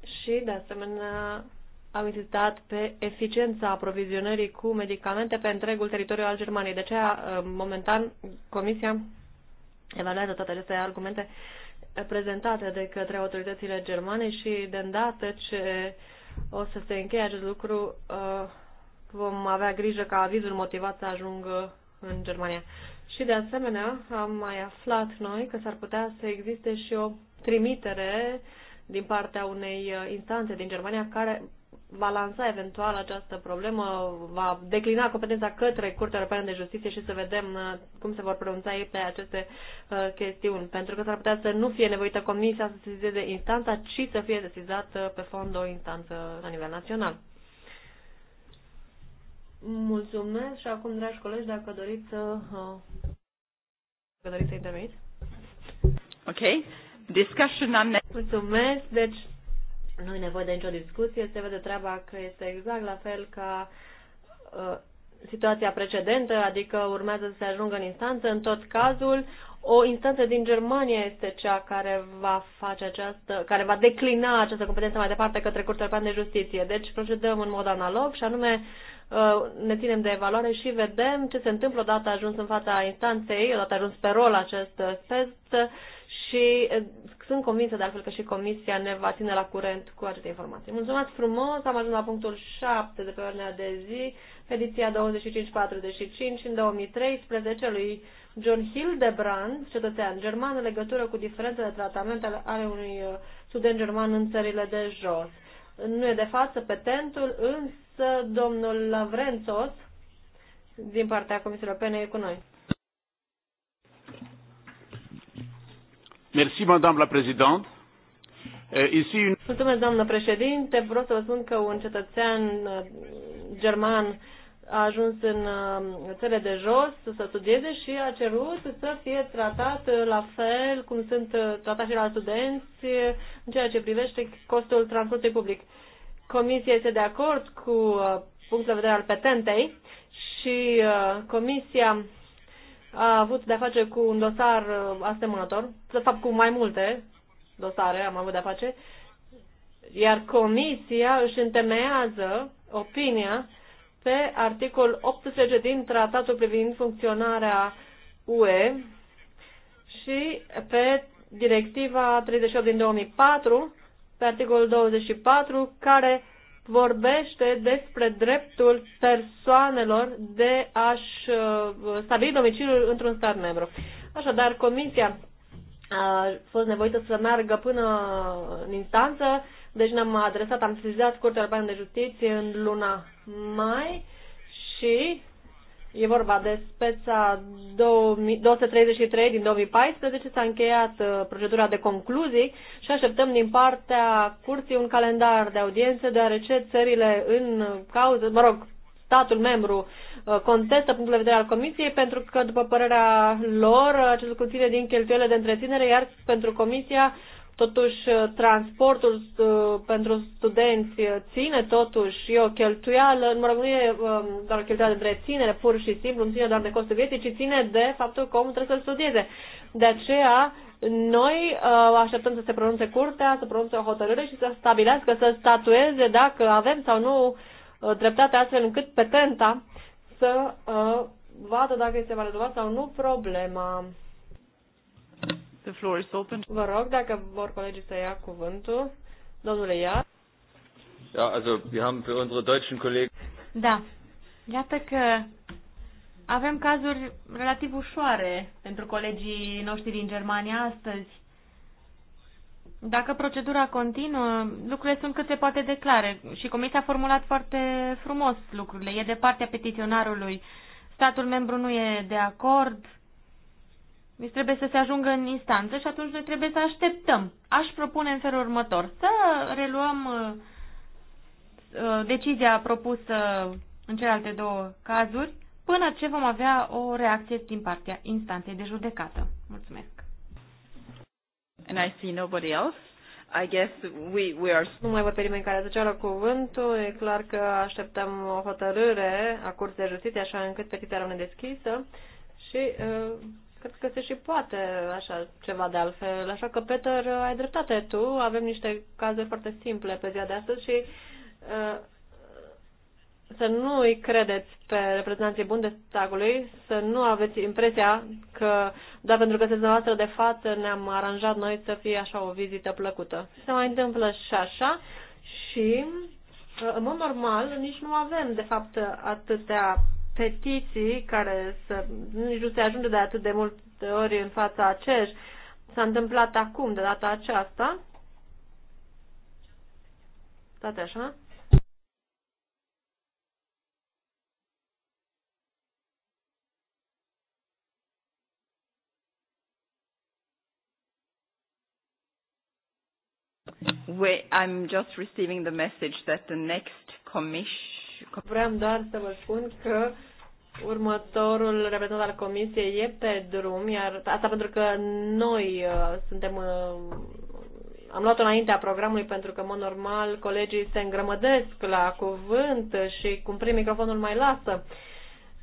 și, de asemenea, au insistat pe eficiența aprovizionării cu medicamente pe întregul teritoriu al Germaniei. De aceea, uh, momentan, Comisia evaluează toate aceste argumente prezentate de către autoritățile germane și, de îndată ce o să se încheie acest lucru, uh, vom avea grijă ca avizul motivat să ajungă în Germania. Și, de asemenea, am mai aflat noi că s-ar putea să existe și o trimitere uh, din partea unei uh, instanțe din Germania care va lansa eventual această problemă, va declina competența către Curtea Europeană de Justiție și să vedem uh, cum se vor pronunța ei pe aceste uh, chestiuni. Pentru că s-ar putea să nu fie nevoită comisia să se sizeze instanța, ci să fie desizată pe fond o instanță la nivel național. Mulțumesc și acum, dragi colegi, dacă doriți să, dacă doriți să interveniți. Ok discussion on that. Mulțumesc, deci nu e nevoie de nicio discuție, se vede treaba că este exact la fel ca uh, situația precedentă, adică urmează să se ajungă în instanță. În tot cazul, o instanță din Germania este cea care va face această, care va declina această competență mai departe către Curtea Europeană de Justiție. Deci procedăm în mod analog și anume uh, ne ținem de evaluare și vedem ce se întâmplă odată ajuns în fața instanței, odată ajuns pe rol acest test, și sunt convinsă de altfel că și Comisia ne va ține la curent cu aceste informații. Mulțumesc frumos, am ajuns la punctul 7 de pe ordinea de zi, ediția 2545 în 2013 lui John Hildebrand, cetățean german, în legătură cu diferențele tratament ale unui uh, student german în țările de jos. Nu e de față petentul, însă domnul Lavrențos, din partea Comisiei Europene, e cu noi. Merci, la euh, Ici, une... Mulțumesc, doamnă președinte. Vreau să vă spun că un cetățean uh, german a ajuns în uh, țările de jos să studieze și a cerut să fie tratat uh, la fel cum sunt tratați și la studenți în ceea ce privește costul transportului public. Comisia este de acord cu punctul de vedere al petentei și Comisia a avut de-a face cu un dosar uh, asemănător, de fapt cu mai multe dosare am avut de-a face, iar comisia își întemeiază opinia pe articol 18 din tratatul privind funcționarea UE și pe directiva 38 din 2004, pe articolul 24, care vorbește despre dreptul persoanelor de a-și uh, stabili domiciliul într-un stat membru. Așadar, Comisia a fost nevoită să meargă până în instanță, deci ne-am adresat, am sesizat Curtea Europeană de Justiție în luna mai și E vorba de speța 233 din 2014, s-a încheiat uh, procedura de concluzii și așteptăm din partea curții un calendar de audiențe, deoarece țările în cauză, mă rog, statul membru uh, contestă punctul de vedere al Comisiei pentru că, după părerea lor, acest lucru ține din cheltuielile de întreținere, iar pentru Comisia Totuși, uh, transportul uh, pentru studenți uh, ține totuși, e o cheltuială, mă rog, nu e um, doar o cheltuială de reținere, pur și simplu, nu ține doar de costul vieții, ci ține de faptul că omul trebuie să studieze. De aceea, noi așteptăm să se pronunțe curtea, să pronunțe o hotărâre și să stabilească, să statueze dacă avem sau nu dreptate astfel încât petenta să vadă dacă este validovat sau nu problema. The floor is open. Vă rog, dacă vor colegii să ia cuvântul, domnule Ia. Ja, also wir haben für unsere deutschen Kollegen. Da. Iată că avem cazuri relativ ușoare pentru colegii noștri din Germania astăzi. Dacă procedura continuă, lucrurile sunt cât se poate declare și Comisia a formulat foarte frumos lucrurile. E de partea petiționarului. Statul membru nu e de acord, deci trebuie să se ajungă în instanță și atunci noi trebuie să așteptăm. Aș propune în felul următor să reluăm uh, uh, decizia propusă în celelalte două cazuri până ce vom avea o reacție din partea instanței de judecată. Mulțumesc. And I see nobody else. I guess we, we are... Nu mai văd pe nimeni care ducea la cuvântul. E clar că așteptăm o hotărâre a Curții de Justiție, așa încât petiția rămâne deschisă. Și uh, Cred că se și poate așa ceva de altfel. Așa că, Peter, ai dreptate tu. Avem niște cazuri foarte simple pe ziua de astăzi și uh, să nu îi credeți pe reprezentanții Bundestagului, să nu aveți impresia că doar pentru că sunteți noastră de față ne-am aranjat noi să fie așa o vizită plăcută. Se mai întâmplă și așa și uh, în mod normal nici nu avem de fapt atâtea petiții care să, nici nu se ajunge de atât de multe ori în fața aceș. S-a întâmplat acum, de data aceasta. Stați așa. We, I'm just receiving the message that the next commission... Vreau doar să vă spun că uh, Următorul reprezentant al comisiei e pe drum, iar asta pentru că noi uh, suntem uh, am luat-o înaintea programului pentru că, în mod normal, colegii se îngrămădesc la cuvânt și cum prim microfonul mai lasă.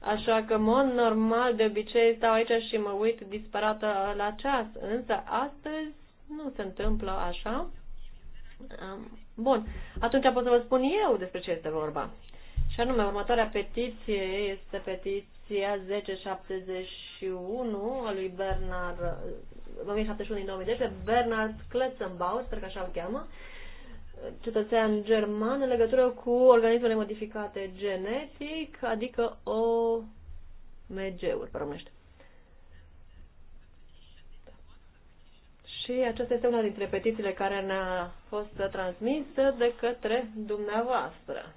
Așa că, în mod normal, de obicei stau aici și mă uit disperată la ceas. Însă, astăzi nu se întâmplă așa. Bun, atunci pot să vă spun eu despre ce este vorba. Și anume, următoarea petiție este petiția 1071 a lui Bernard, 1071 din 2010, Bernard Kletzenbauer, sper că așa îl cheamă, cetățean german în legătură cu organismele modificate genetic, adică OMG-uri, pe românește. Și aceasta este una dintre petițiile care ne-a fost transmisă de către dumneavoastră.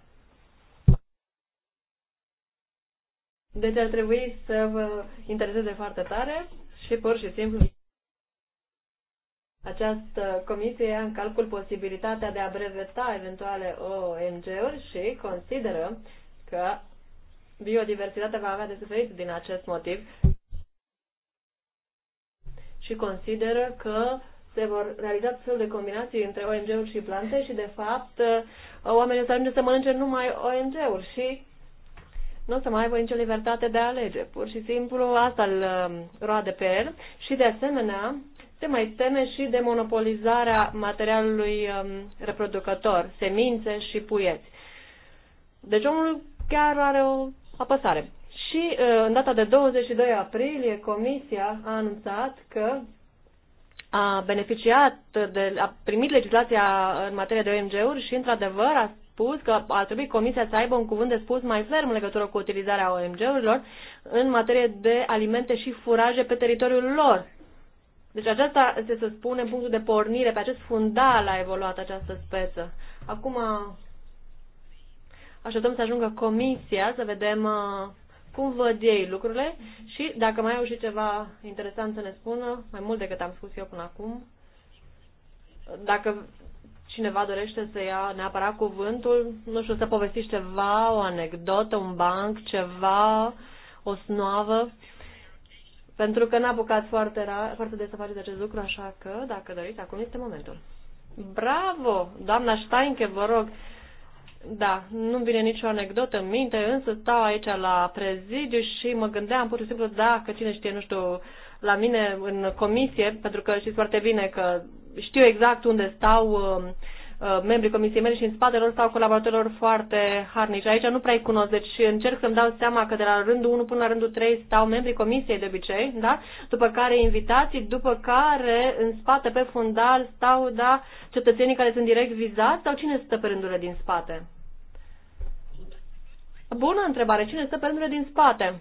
Deci ar trebui să vă intereseze foarte tare și pur și simplu această comisie ia în calcul posibilitatea de a breveta eventuale ONG-uri și consideră că biodiversitatea va avea de suferit din acest motiv și consideră că se vor realiza fel de combinații între ONG-uri și plante și, de fapt, oamenii o să ajunge să mănânce numai ONG-uri și nu o să mai aibă nicio libertate de a alege. Pur și simplu asta îl um, roade pe el și de asemenea se mai teme și de monopolizarea materialului um, reproducător, semințe și puieți. Deci omul chiar are o apăsare. Și uh, în data de 22 aprilie, Comisia a anunțat că a beneficiat, de, a primit legislația în materie de OMG-uri și, într-adevăr, a spus că ar trebui Comisia să aibă un cuvânt de spus mai ferm în legătură cu utilizarea OMG-urilor în materie de alimente și furaje pe teritoriul lor. Deci aceasta este, să spunem, punctul de pornire, pe acest fundal a evoluat această speță. Acum așteptăm să ajungă comisia, să vedem uh, cum văd ei lucrurile și dacă mai au și ceva interesant să ne spună, mai mult decât am spus eu până acum, dacă cineva dorește să ia neapărat cuvântul, nu știu, să povestiți ceva, o anecdotă, un banc, ceva, o snoavă, pentru că n-a apucat foarte, ra- foarte des să faceți acest lucru, așa că, dacă doriți, acum este momentul. Bravo! Doamna Steinke, vă rog! Da, nu vine nicio anecdotă în minte, însă stau aici la prezidiu și mă gândeam pur și simplu dacă cine știe, nu știu, la mine în comisie, pentru că știți foarte bine că știu exact unde stau um, uh, membrii comisiei mele și în spatele lor stau colaboratorilor foarte harnici. Aici nu prea-i cunosc, deci încerc să-mi dau seama că de la rândul 1 până la rândul 3 stau membrii comisiei de obicei, da? după care invitații, după care în spate pe fundal stau da, cetățenii care sunt direct vizați sau cine stă pe rândurile din spate? Bună întrebare. Cine stă pe rândurile din spate?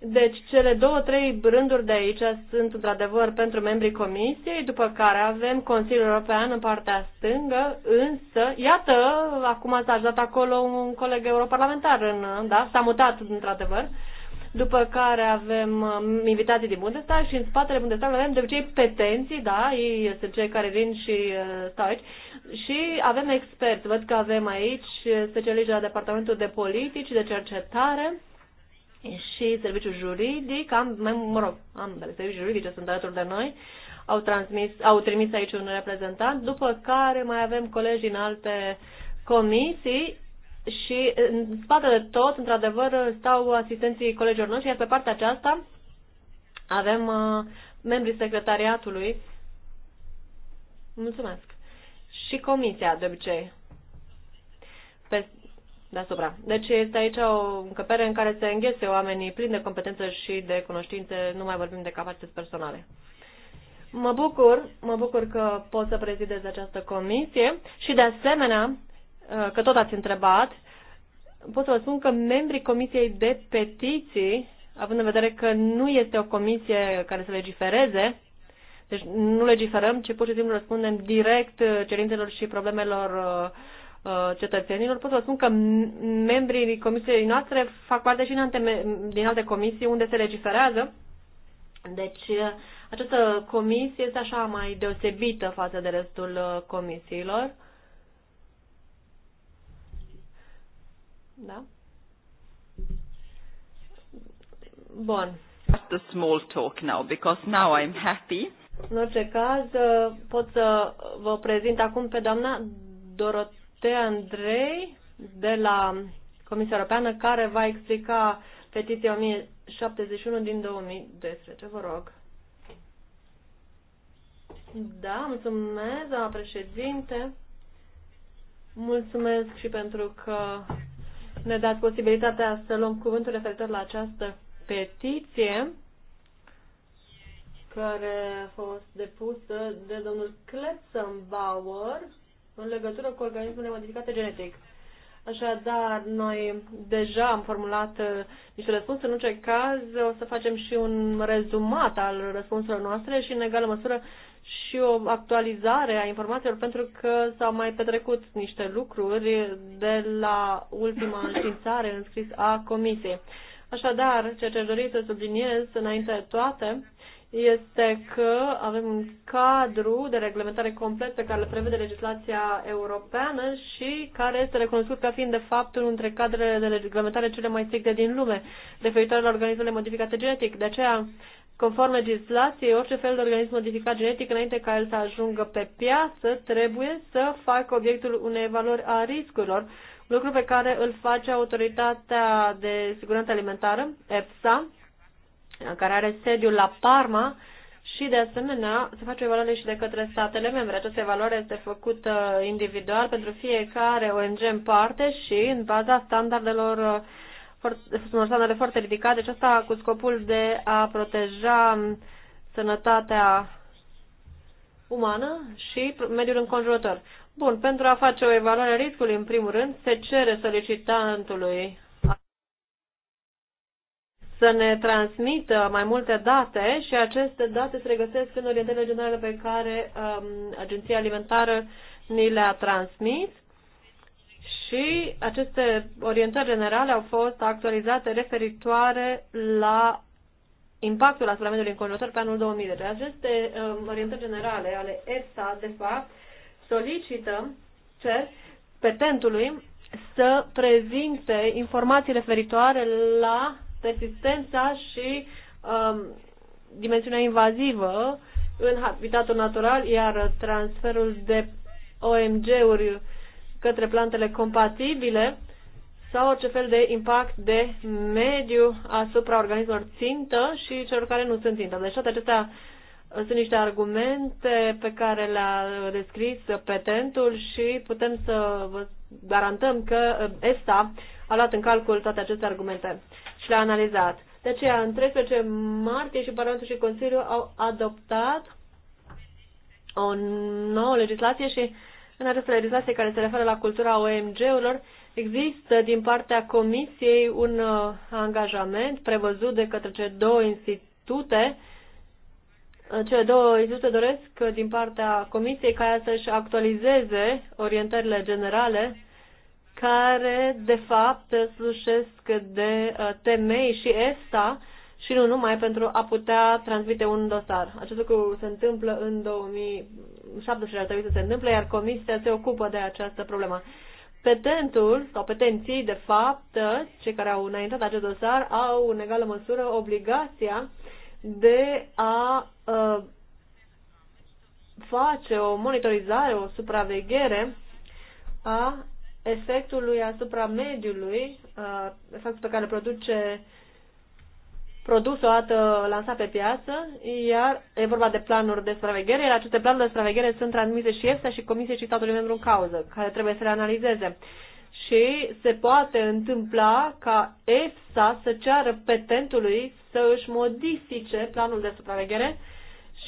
Deci, cele două, trei rânduri de aici sunt într-adevăr pentru membrii comisiei, după care avem Consiliul European în partea stângă, însă, iată, acum s-a ajutat acolo un coleg europarlamentar, în, da, s-a mutat într-adevăr, după care avem um, invitații din Bundestag și în spatele Bundestag avem de obicei petenții, da, ei sunt cei care vin și uh, stau aici, și avem experți, văd că avem aici uh, specialiști de la Departamentul de Politici, de Cercetare, și serviciul juridic, am, mai, mă rog, ambele servicii juridice sunt alături de noi, au, transmis, au trimis aici un reprezentant, după care mai avem colegi în alte comisii și în spatele tot, într-adevăr, stau asistenții colegilor noștri, iar pe partea aceasta avem uh, membrii secretariatului. Mulțumesc. Și comisia, de obicei. Pe deasupra. Deci este aici o încăpere în care se înghese oamenii plini de competență și de cunoștințe, nu mai vorbim de capacități personale. Mă bucur, mă bucur că pot să prezidez această comisie și de asemenea, că tot ați întrebat, pot să vă spun că membrii Comisiei de Petiții, având în vedere că nu este o comisie care să legifereze, deci nu legiferăm, ci pur și simplu răspundem direct cerințelor și problemelor uh, Uh, cetățenilor, pot să spun că membrii comisiei noastre fac parte și din alte comisii unde se legiferează. Deci, uh, această comisie este așa mai deosebită față de restul uh, comisiilor. Da? Bun. Just a small talk now, because now I'm happy. În orice caz, pot să vă prezint acum pe doamna Dorot T. Andrei de la Comisia Europeană care va explica petiția 1071 din 2012. Vă rog. Da, mulțumesc, doamna președinte. Mulțumesc și pentru că ne dați posibilitatea să luăm cuvântul referitor la această petiție care a fost depusă de domnul Kletzenbauer în legătură cu organismele modificate genetic. Așadar, noi deja am formulat uh, niște răspunsuri, în orice caz o să facem și un rezumat al răspunsurilor noastre și în egală măsură și o actualizare a informațiilor pentru că s-au mai petrecut niște lucruri de la ultima înștiințare înscris a comisiei. Așadar, ceea ce aș dori să subliniez înainte de toate este că avem un cadru de reglementare complet pe care le prevede legislația europeană și care este recunoscut ca fiind de fapt unul dintre cadrele de reglementare cele mai stricte din lume, referitoare la organismele modificate genetic. De aceea, conform legislației, orice fel de organism modificat genetic, înainte ca el să ajungă pe piață, trebuie să facă obiectul unei valori a riscurilor, lucru pe care îl face Autoritatea de Siguranță Alimentară, EFSA, care are sediul la Parma și, de asemenea, se face o evaluare și de către statele membre. Această evaluare este făcută uh, individual pentru fiecare ONG în parte și în baza standardelor uh, sunt standarde foarte ridicate, Asta cu scopul de a proteja um, sănătatea umană și mediul înconjurător. Bun, pentru a face o evaluare a riscului, în primul rând, se cere solicitantului să ne transmită mai multe date și aceste date se regăsesc în orientările generale pe care um, Agenția Alimentară ni le-a transmis și aceste orientări generale au fost actualizate referitoare la impactul asupra mediului înconjurător pe anul 2000. Deci aceste um, orientări generale ale EFSA, de fapt, solicită cer petentului să prezinte informații referitoare la persistența și um, dimensiunea invazivă în habitatul natural, iar transferul de OMG-uri către plantele compatibile sau orice fel de impact de mediu asupra organismelor țintă și celor care nu sunt țintă. Deci toate acestea uh, sunt niște argumente pe care le-a uh, descris uh, petentul și putem să vă garantăm că ESTA a luat în calcul toate aceste argumente și l-a analizat. De aceea, în 13 martie și Parlamentul și Consiliul au adoptat o nouă legislație și în această legislație care se referă la cultura OMG-urilor, există din partea Comisiei un uh, angajament prevăzut de către cele două institute. Uh, cele două institute doresc uh, din partea Comisiei ca să-și actualizeze orientările generale care, de fapt, slușesc de uh, temei și ESTA și nu numai pentru a putea transmite un dosar. Acest lucru se întâmplă în 2017, ar trebui să se întâmple, iar Comisia se ocupă de această problemă. Petentul sau petenții, de fapt, cei care au înaintat acest dosar, au în egală măsură obligația de a uh, face o monitorizare, o supraveghere a efectului asupra mediului, efectul pe care produce produsul odată lansat pe piață, iar e vorba de planuri de supraveghere, iar aceste planuri de supraveghere sunt transmise și EFSA și Comisiei și statului membru în cauză, care trebuie să le analizeze. Și se poate întâmpla ca EFSA să ceară petentului să își modifice planul de supraveghere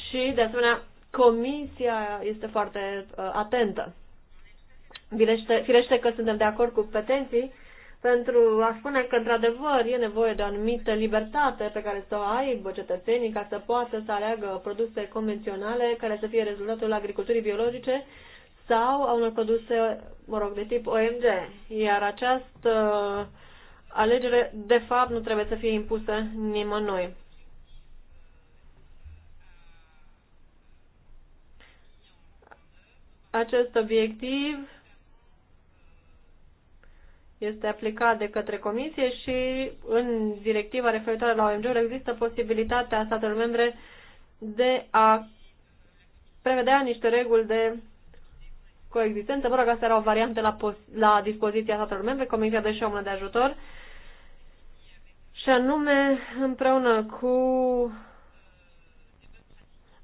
și, de asemenea, Comisia este foarte uh, atentă Firește, firește că suntem de acord cu petenții pentru a spune că, într-adevăr, e nevoie de o anumită libertate pe care să o aibă cetățenii ca să poată să aleagă produse convenționale care să fie rezultatul agriculturii biologice sau a unor produse, mă rog, de tip OMG. Iar această uh, alegere, de fapt, nu trebuie să fie impusă nimănui. Acest obiectiv este aplicat de către Comisie și în directiva referitoare la OMG-uri există posibilitatea statelor membre de a prevedea niște reguli de coexistență. Mă rog, astea erau variante la, la dispoziția statelor membre, Comisia de Șomă de Ajutor și anume împreună cu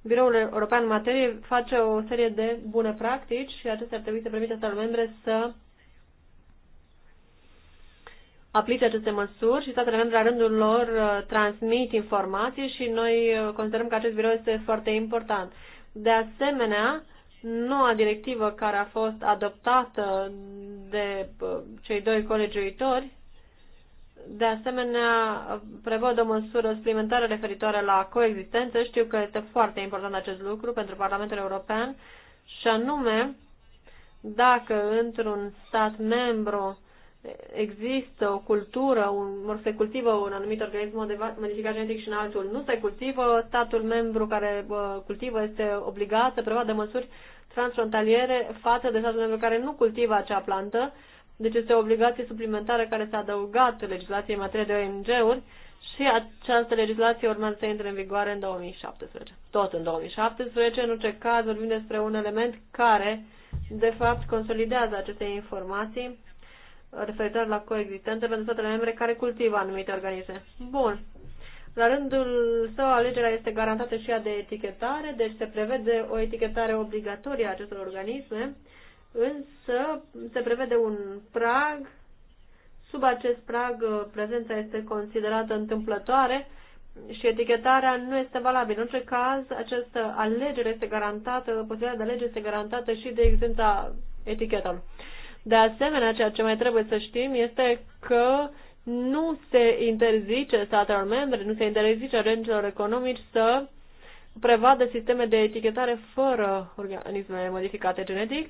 Biroul European în materie face o serie de bune practici și acestea ar trebui să permită statelor membre să aplice aceste măsuri și statele membre la rândul lor uh, transmit informații și noi uh, considerăm că acest birou este foarte important. De asemenea, noua directivă care a fost adoptată de uh, cei doi colegi uitori, de asemenea, prevăd o măsură suplimentară referitoare la coexistență. Știu că este foarte important acest lucru pentru Parlamentul European și anume, dacă într-un stat membru există o cultură, un, se cultivă un anumit organism modificat genetic și în altul nu se cultivă, statul membru care cultivă este obligat să prevadă măsuri transfrontaliere față de statul membru care nu cultivă acea plantă, deci este o obligație suplimentară care s-a adăugat legislației în materie de ong uri și această legislație urmează să intre în vigoare în 2017. Tot în 2017, în orice caz, vorbim despre un element care, de fapt, consolidează aceste informații referitor la coexistență pentru statele membre care cultivă anumite organisme. Bun. La rândul său, alegerea este garantată și ea de etichetare, deci se prevede o etichetare obligatorie a acestor organisme, însă se prevede un prag. Sub acest prag, uh, prezența este considerată întâmplătoare și etichetarea nu este valabilă. În orice caz, această alegere este garantată, posibilitatea de alegere este garantată și de a etichetelor. De asemenea, ceea ce mai trebuie să știm este că nu se interzice statelor membre, nu se interzice regilor economici să prevadă sisteme de etichetare fără organisme modificate genetic,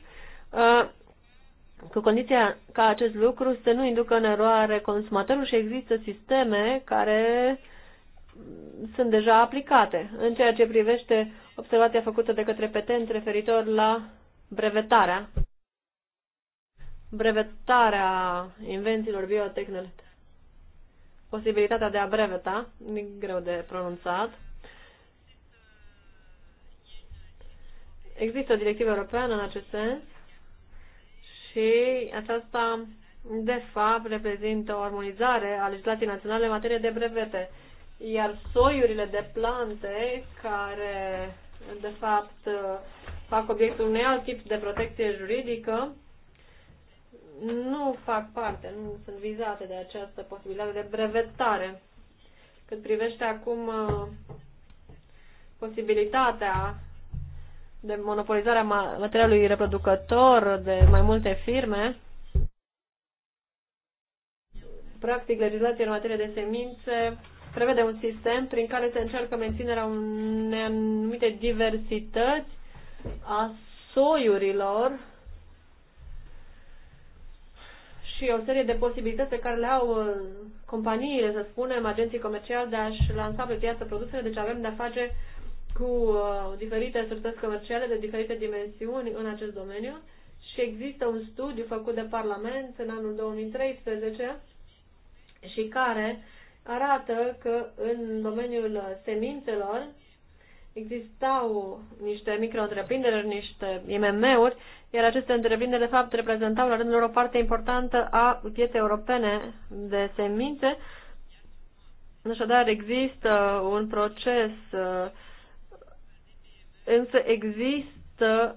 cu condiția ca acest lucru să nu inducă în eroare consumatorul și există sisteme care sunt deja aplicate. În ceea ce privește observația făcută de către petenți referitor la brevetarea brevetarea invențiilor biotehnologice, posibilitatea de a breveta, e greu de pronunțat. Există o directivă europeană în acest sens și aceasta, de fapt, reprezintă o armonizare a legislației naționale în materie de brevete. Iar soiurile de plante care, de fapt, fac obiectul unui alt tip de protecție juridică, nu fac parte, nu sunt vizate de această posibilitate de brevetare. Cât privește acum uh, posibilitatea de monopolizarea materialului reproducător de mai multe firme, practic legislația în materie de semințe prevede un sistem prin care se încearcă menținerea unei anumite diversități a soiurilor și o serie de posibilități pe care le au uh, companiile, să spunem, agenții comerciali de a-și lansa pe piață produsele, deci avem de-a face cu uh, diferite activități comerciale de diferite dimensiuni în acest domeniu și există un studiu făcut de Parlament în anul 2013 și care arată că în domeniul semințelor existau niște micro niște IMM-uri iar aceste întreprinderi, de fapt, reprezentau la rândul lor o parte importantă a pieței europene de semințe. Așadar, există un proces, uh, însă există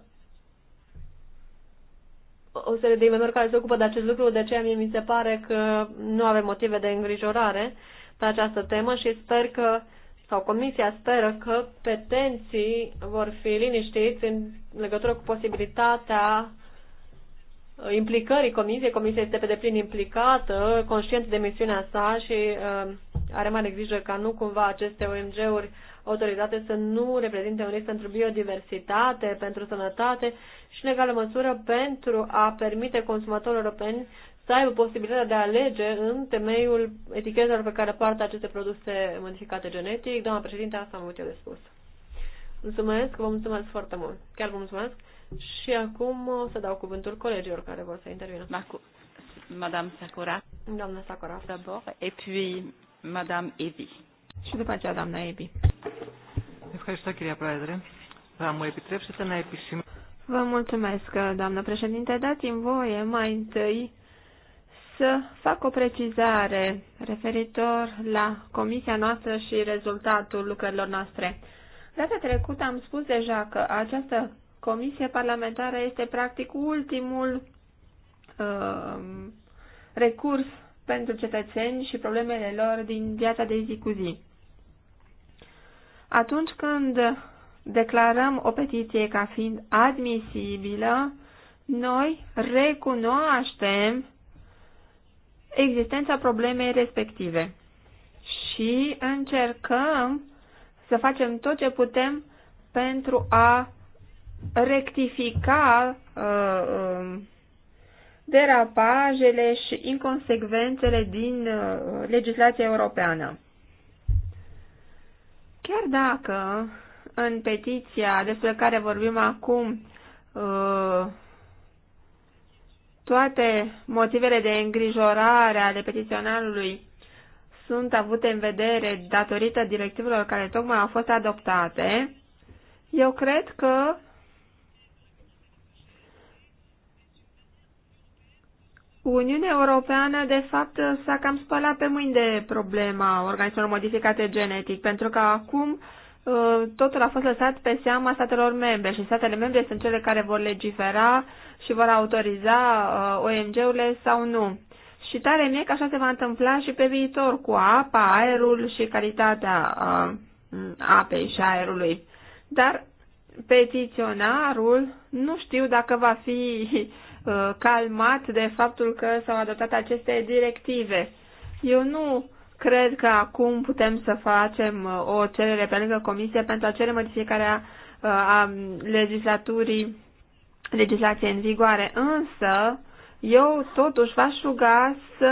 o serie de imm care se ocupă de acest lucru, de aceea mie mi se pare că nu avem motive de îngrijorare pe această temă și sper că uh, sau Comisia speră că petenții vor fi liniștiți în legătură cu posibilitatea uh, implicării Comisiei. Comisia este pe deplin implicată, conștient de misiunea sa și uh, are mare grijă ca nu cumva aceste OMG-uri autorizate să nu reprezinte un risc pentru biodiversitate, pentru sănătate și, în egală măsură, pentru a permite consumatorilor europeni să aibă posibilitatea de a alege în temeiul etichetelor pe care poartă aceste produse modificate genetic. Doamna președinte, asta am avut eu de spus. Mulțumesc, vă mulțumesc foarte mult. Chiar vă mulțumesc. Și acum o să dau cuvântul colegilor care vor să intervină. Madame Sakura. Doamna Sakura. D'abord, et puis Madame Evi. Și după aceea, doamna Evi. Ευχαριστώ, κυρία Πρόεδρε. Θα μου επιτρέψετε να επισημάνω. Vă mulțumesc, doamnă președinte. Dați-mi voie mai întâi să fac o precizare referitor la comisia noastră și rezultatul lucrărilor noastre. Data trecută am spus deja că această comisie parlamentară este practic ultimul uh, recurs pentru cetățeni și problemele lor din viața de zi cu zi. Atunci când declarăm o petiție ca fiind admisibilă, noi recunoaștem existența problemei respective și încercăm să facem tot ce putem pentru a rectifica uh, um, derapajele și inconsecvențele din uh, legislația europeană. Chiar dacă în petiția despre care vorbim acum uh, toate motivele de îngrijorare ale petiționarului sunt avute în vedere datorită directivelor care tocmai au fost adoptate, eu cred că Uniunea Europeană, de fapt, s-a cam spălat pe mâini de problema organismelor modificate genetic, pentru că acum uh, Uh, totul a fost lăsat pe seama statelor membre și statele membre sunt cele care vor legifera și vor autoriza uh, ong urile sau nu. Și tare mie că așa se va întâmpla și pe viitor cu apa, aerul și calitatea uh, apei și aerului. Dar petiționarul nu știu dacă va fi calmat de faptul că s-au adoptat aceste directive. Eu nu Cred că acum putem să facem uh, o cerere pe lângă comisie pentru a cere modificarea uh, a legislaturii, legislației în vigoare, însă eu totuși v-aș ruga să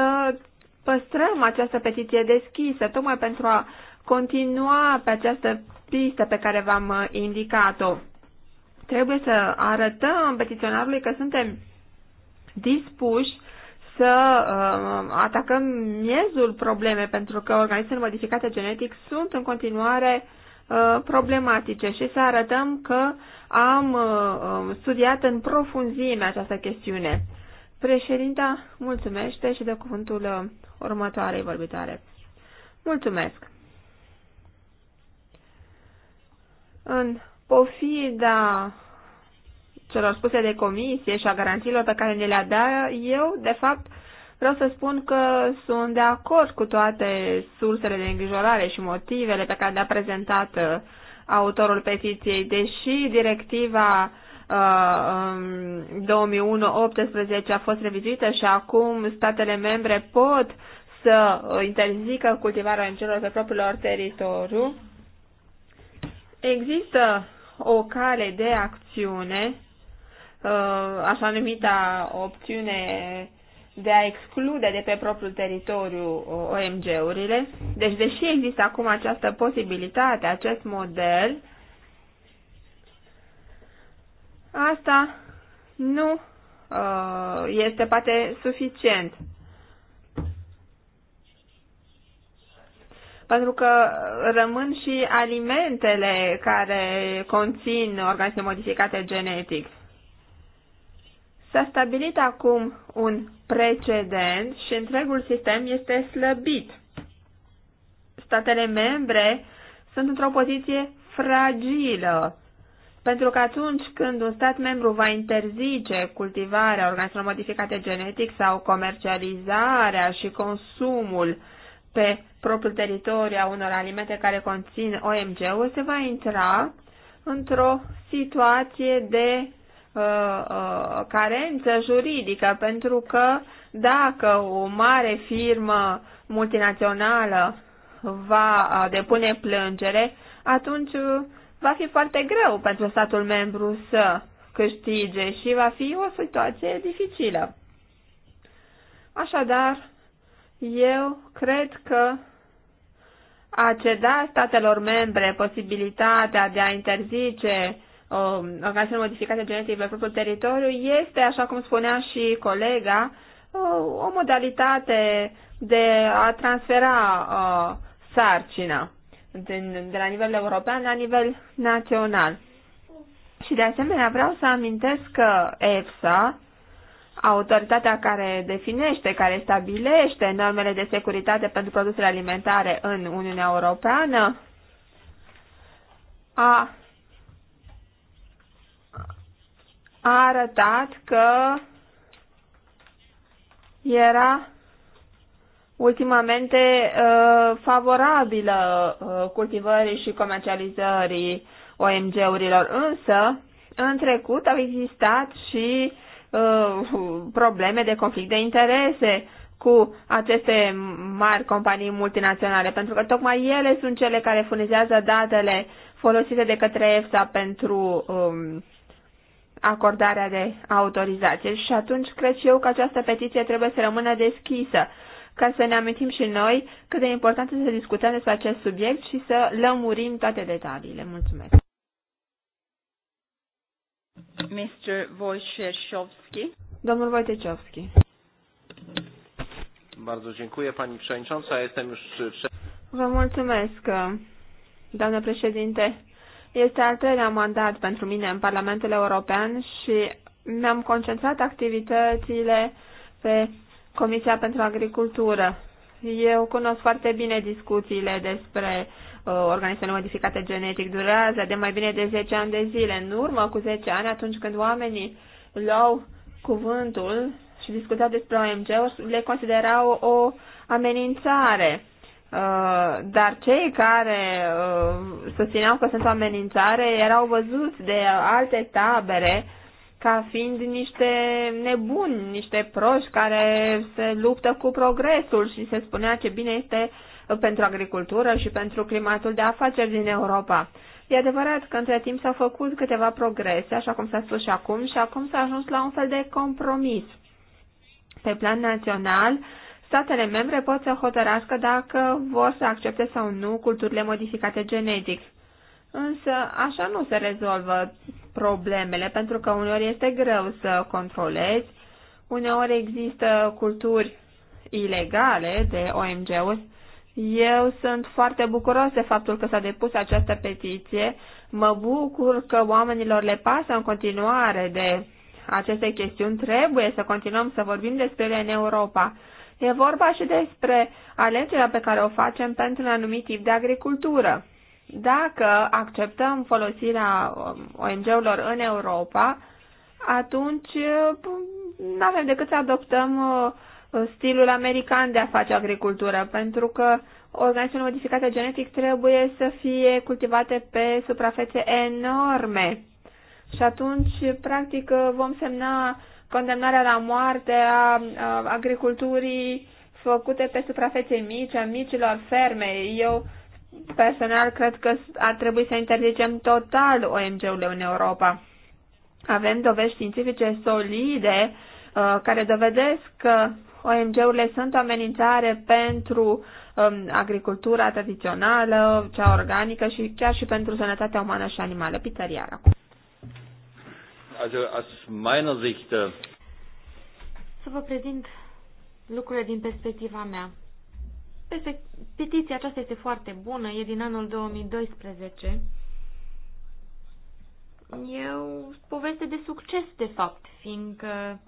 păstrăm această petiție deschisă, tocmai pentru a continua pe această pistă pe care v-am uh, indicat-o. Trebuie să arătăm petiționarului că suntem dispuși să uh, atacăm miezul problemei, pentru că organismele modificate genetic sunt în continuare uh, problematice și să arătăm că am uh, um, studiat în profunzime această chestiune. Președinta mulțumește și de cuvântul uh, următoarei vorbitoare. Mulțumesc! În pofida celor spuse de comisie și a garanțiilor pe care ne le-a dat, eu, de fapt, vreau să spun că sunt de acord cu toate sursele de îngrijorare și motivele pe care le-a prezentat uh, autorul petiției, deși directiva uh, 2001-18 um, a fost revizuită și acum statele membre pot să interzică cultivarea încelor pe propriul lor teritoriu, există o cale de acțiune Uh, așa numita opțiune de a exclude de pe propriul teritoriu uh, OMG-urile. Deci, deși există acum această posibilitate, acest model, asta nu uh, este poate suficient. Pentru că rămân și alimentele care conțin organisme modificate genetic. S-a stabilit acum un precedent și întregul sistem este slăbit. Statele membre sunt într-o poziție fragilă, pentru că atunci când un stat membru va interzice cultivarea organismelor modificate genetic sau comercializarea și consumul pe propriul teritoriu a unor alimente care conțin OMG-uri, se va intra într-o situație de Uh, uh, carență juridică, pentru că dacă o mare firmă multinațională va uh, depune plângere, atunci va fi foarte greu pentru statul membru să câștige și va fi o situație dificilă. Așadar, eu cred că a ceda statelor membre posibilitatea de a interzice Um, organismele modificate genetic pe propriul teritoriu este, așa cum spunea și colega, uh, o modalitate de a transfera uh, sarcina din, de la nivel european la nivel național. Și de asemenea vreau să amintesc că EFSA, autoritatea care definește, care stabilește normele de securitate pentru produsele alimentare în Uniunea Europeană, a a arătat că era ultimamente uh, favorabilă uh, cultivării și comercializării OMG-urilor, însă în trecut au existat și uh, probleme de conflict de interese cu aceste mari companii multinaționale, pentru că tocmai ele sunt cele care furnizează datele folosite de către EFSA pentru um, acordarea de autorizație. Și atunci cred și eu că această petiție trebuie să rămână deschisă, ca să ne amintim și noi cât de important este să discutăm despre acest subiect și să lămurim toate detaliile. Mulțumesc! Mr. Wojciechowski. Domnul Wojciechowski. Bardzo dziękuję Pani Przewodnicząca. Jestem już... Vă mulțumesc, doamnă președinte. Este al treilea mandat pentru mine în Parlamentul European și mi-am concentrat activitățile pe Comisia pentru Agricultură. Eu cunosc foarte bine discuțiile despre uh, organismele modificate genetic. Durează de mai bine de 10 ani de zile. În urmă cu 10 ani, atunci când oamenii luau cuvântul și discutau despre OMG, le considerau o amenințare. Uh, dar cei care uh, susțineau că sunt o amenințare erau văzuți de alte tabere ca fiind niște nebuni, niște proști care se luptă cu progresul și se spunea ce bine este pentru agricultură și pentru climatul de afaceri din Europa. E adevărat că între timp s-au făcut câteva progrese, așa cum s-a spus și acum, și acum s-a ajuns la un fel de compromis. Pe plan național, statele membre pot să hotărască dacă vor să accepte sau nu culturile modificate genetic. Însă așa nu se rezolvă problemele, pentru că uneori este greu să controlezi, uneori există culturi ilegale de OMG-uri. Eu sunt foarte bucuros de faptul că s-a depus această petiție. Mă bucur că oamenilor le pasă în continuare de aceste chestiuni. Trebuie să continuăm să vorbim despre ele în Europa E vorba și despre alegerea pe care o facem pentru un anumit tip de agricultură. Dacă acceptăm folosirea um, ong urilor în Europa, atunci um, nu avem decât să adoptăm uh, stilul american de a face agricultură, pentru că organismele modificate genetic trebuie să fie cultivate pe suprafețe enorme. Și atunci, practic, uh, vom semna condamnarea la moarte a, agriculturii făcute pe suprafețe mici, a micilor ferme. Eu personal cred că ar trebui să interzicem total OMG-urile în Europa. Avem dovezi științifice solide uh, care dovedesc că OMG-urile sunt o amenințare pentru um, agricultura tradițională, cea organică și chiar și pentru sănătatea umană și animală. Pizzeria acum also aus meiner Sicht. Äh, Să vă prezint lucrurile din perspectiva mea. Petiția aceasta este foarte bună, e din anul 2012. E o poveste de succes, de fapt, fiindcă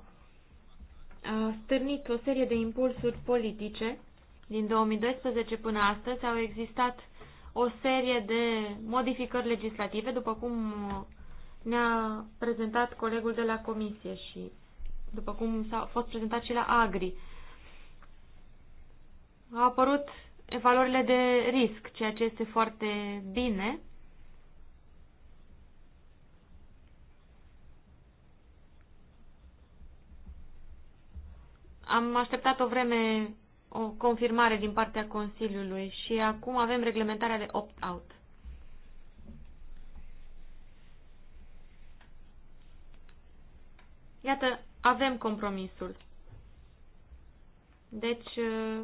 a stârnit o serie de impulsuri politice. Din 2012 până astăzi au existat o serie de modificări legislative, după cum ne-a prezentat colegul de la comisie și după cum s-a fost prezentat și la Agri. Au apărut evaluările de risc, ceea ce este foarte bine. Am așteptat o vreme o confirmare din partea Consiliului și acum avem reglementarea de opt-out. Iată, avem compromisul. Deci, uh,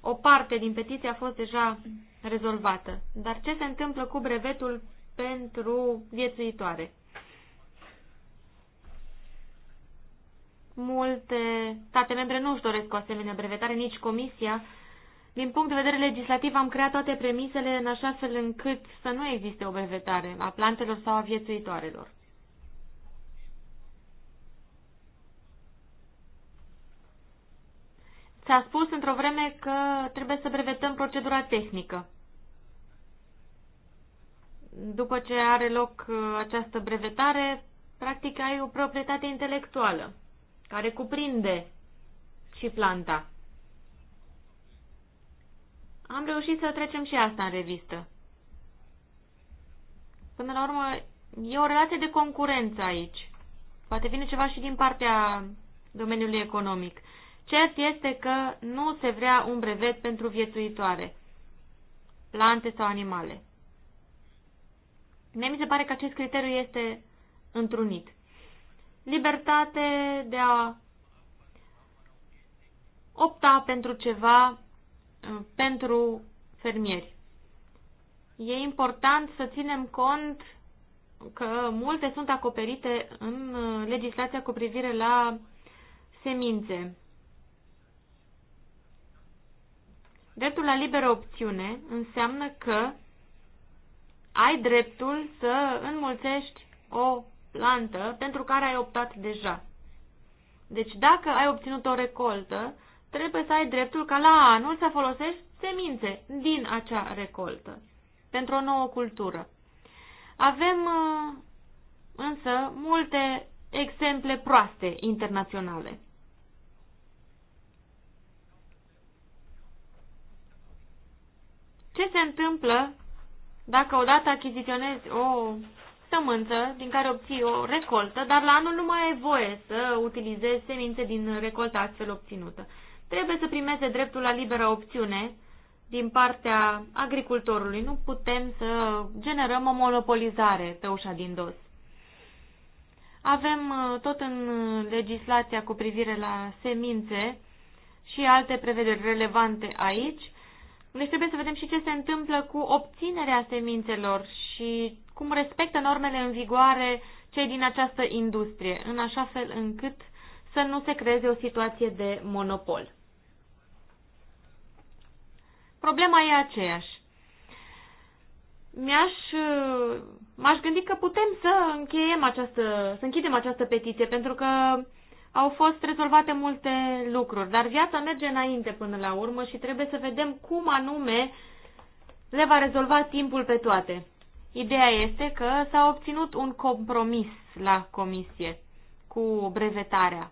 o parte din petiție a fost deja rezolvată. Dar ce se întâmplă cu brevetul pentru viețuitoare? Multe state membre nu își doresc o asemenea brevetare, nici Comisia. Din punct de vedere legislativ am creat toate premisele în așa fel încât să nu existe o brevetare a plantelor sau a viețuitoarelor. S-a spus într-o vreme că trebuie să brevetăm procedura tehnică. După ce are loc uh, această brevetare, practic ai o proprietate intelectuală care cuprinde și planta. Am reușit să trecem și asta în revistă. Până la urmă, e o relație de concurență aici. Poate vine ceva și din partea domeniului economic. Cert este că nu se vrea un brevet pentru viețuitoare, plante sau animale. Mie mi se pare că acest criteriu este întrunit. Libertate de a opta pentru ceva uh, pentru fermieri. E important să ținem cont că multe sunt acoperite în uh, legislația cu privire la semințe. Dreptul la liberă opțiune înseamnă că ai dreptul să înmulțești o plantă pentru care ai optat deja. Deci dacă ai obținut o recoltă, trebuie să ai dreptul ca la anul să folosești semințe din acea recoltă pentru o nouă cultură. Avem uh, însă multe exemple proaste internaționale. Ce se întâmplă dacă odată achiziționezi o sămânță din care obții o recoltă, dar la anul nu mai ai voie să utilizezi semințe din recolta astfel obținută? Trebuie să primeze dreptul la liberă opțiune din partea agricultorului. Nu putem să generăm o monopolizare pe ușa din dos. Avem uh, tot în legislația cu privire la semințe și alte prevederi relevante aici deci trebuie să vedem și ce se întâmplă cu obținerea semințelor și cum respectă normele în vigoare cei din această industrie, în așa fel încât să nu se creeze o situație de monopol. Problema e aceeași. Mi-aș, m-aș gândi că putem să încheiem această, să închidem această petiție, pentru că au fost rezolvate multe lucruri, dar viața merge înainte până la urmă și trebuie să vedem cum anume le va rezolva timpul pe toate. Ideea este că s-a obținut un compromis la comisie cu brevetarea.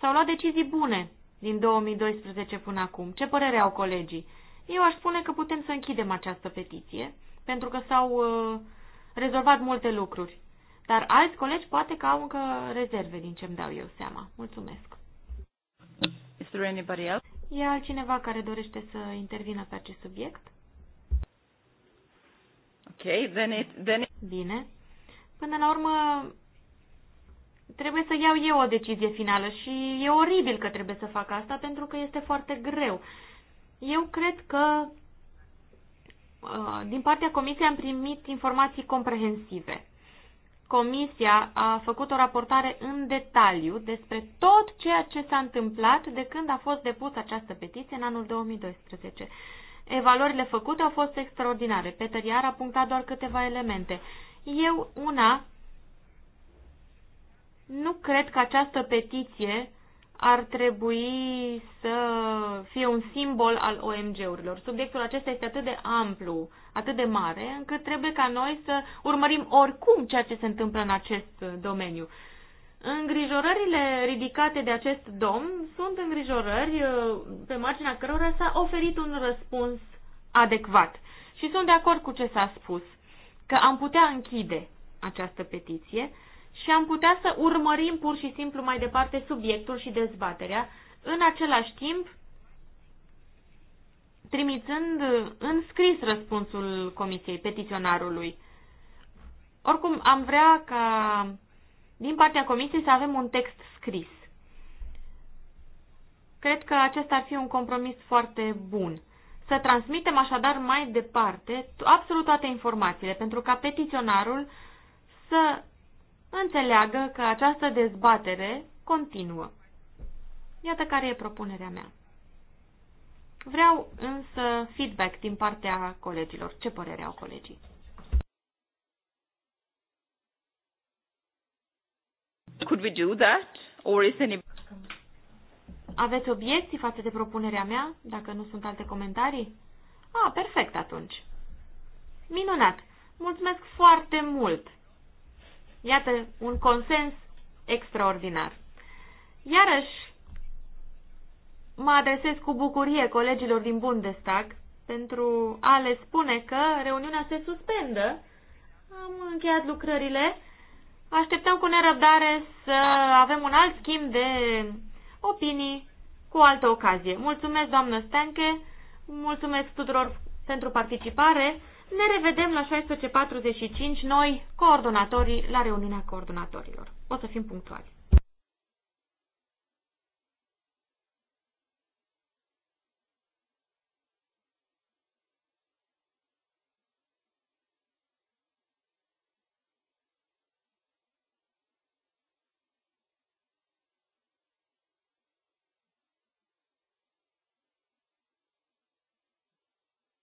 S-au luat decizii bune din 2012 până acum. Ce părere au colegii? Eu aș spune că putem să închidem această petiție, pentru că s-au uh, rezolvat multe lucruri. Dar alți colegi poate că au încă rezerve din ce-mi dau eu seama. Mulțumesc. Is there anybody else? E altcineva care dorește să intervină pe acest subiect? Ok, then it, then it... Bine. Până la urmă, trebuie să iau eu o decizie finală și e oribil că trebuie să fac asta pentru că este foarte greu. Eu cred că uh, din partea comisiei am primit informații comprehensive. Comisia a făcut o raportare în detaliu despre tot ceea ce s-a întâmplat de când a fost depusă această petiție în anul 2012. Evaluările făcute au fost extraordinare. Peter Iar a punctat doar câteva elemente. Eu, una, nu cred că această petiție ar trebui să fie un simbol al OMG-urilor. Subiectul acesta este atât de amplu atât de mare, încât trebuie ca noi să urmărim oricum ceea ce se întâmplă în acest uh, domeniu. Îngrijorările ridicate de acest domn sunt îngrijorări uh, pe marginea cărora s-a oferit un răspuns adecvat. Și sunt de acord cu ce s-a spus, că am putea închide această petiție și am putea să urmărim pur și simplu mai departe subiectul și dezbaterea, în același timp trimițând în scris răspunsul comisiei petiționarului. Oricum, am vrea ca din partea comisiei să avem un text scris. Cred că acesta ar fi un compromis foarte bun. Să transmitem așadar mai departe absolut toate informațiile, pentru ca petiționarul să înțeleagă că această dezbatere continuă. Iată care e propunerea mea. Vreau însă feedback din partea colegilor. Ce părere au colegii? Could we do that? Or is any... Aveți obiecții față de propunerea mea, dacă nu sunt alte comentarii? Ah, perfect atunci. Minunat! Mulțumesc foarte mult! Iată, un consens extraordinar. Iarăși, Mă adresez cu bucurie colegilor din Bundestag pentru a le spune că reuniunea se suspendă. Am încheiat lucrările. Așteptăm cu nerăbdare să avem un alt schimb de opinii cu o altă ocazie. Mulțumesc, doamnă Stenke, mulțumesc tuturor pentru participare. Ne revedem la 16.45, noi, coordonatorii, la reuniunea coordonatorilor. O să fim punctuali.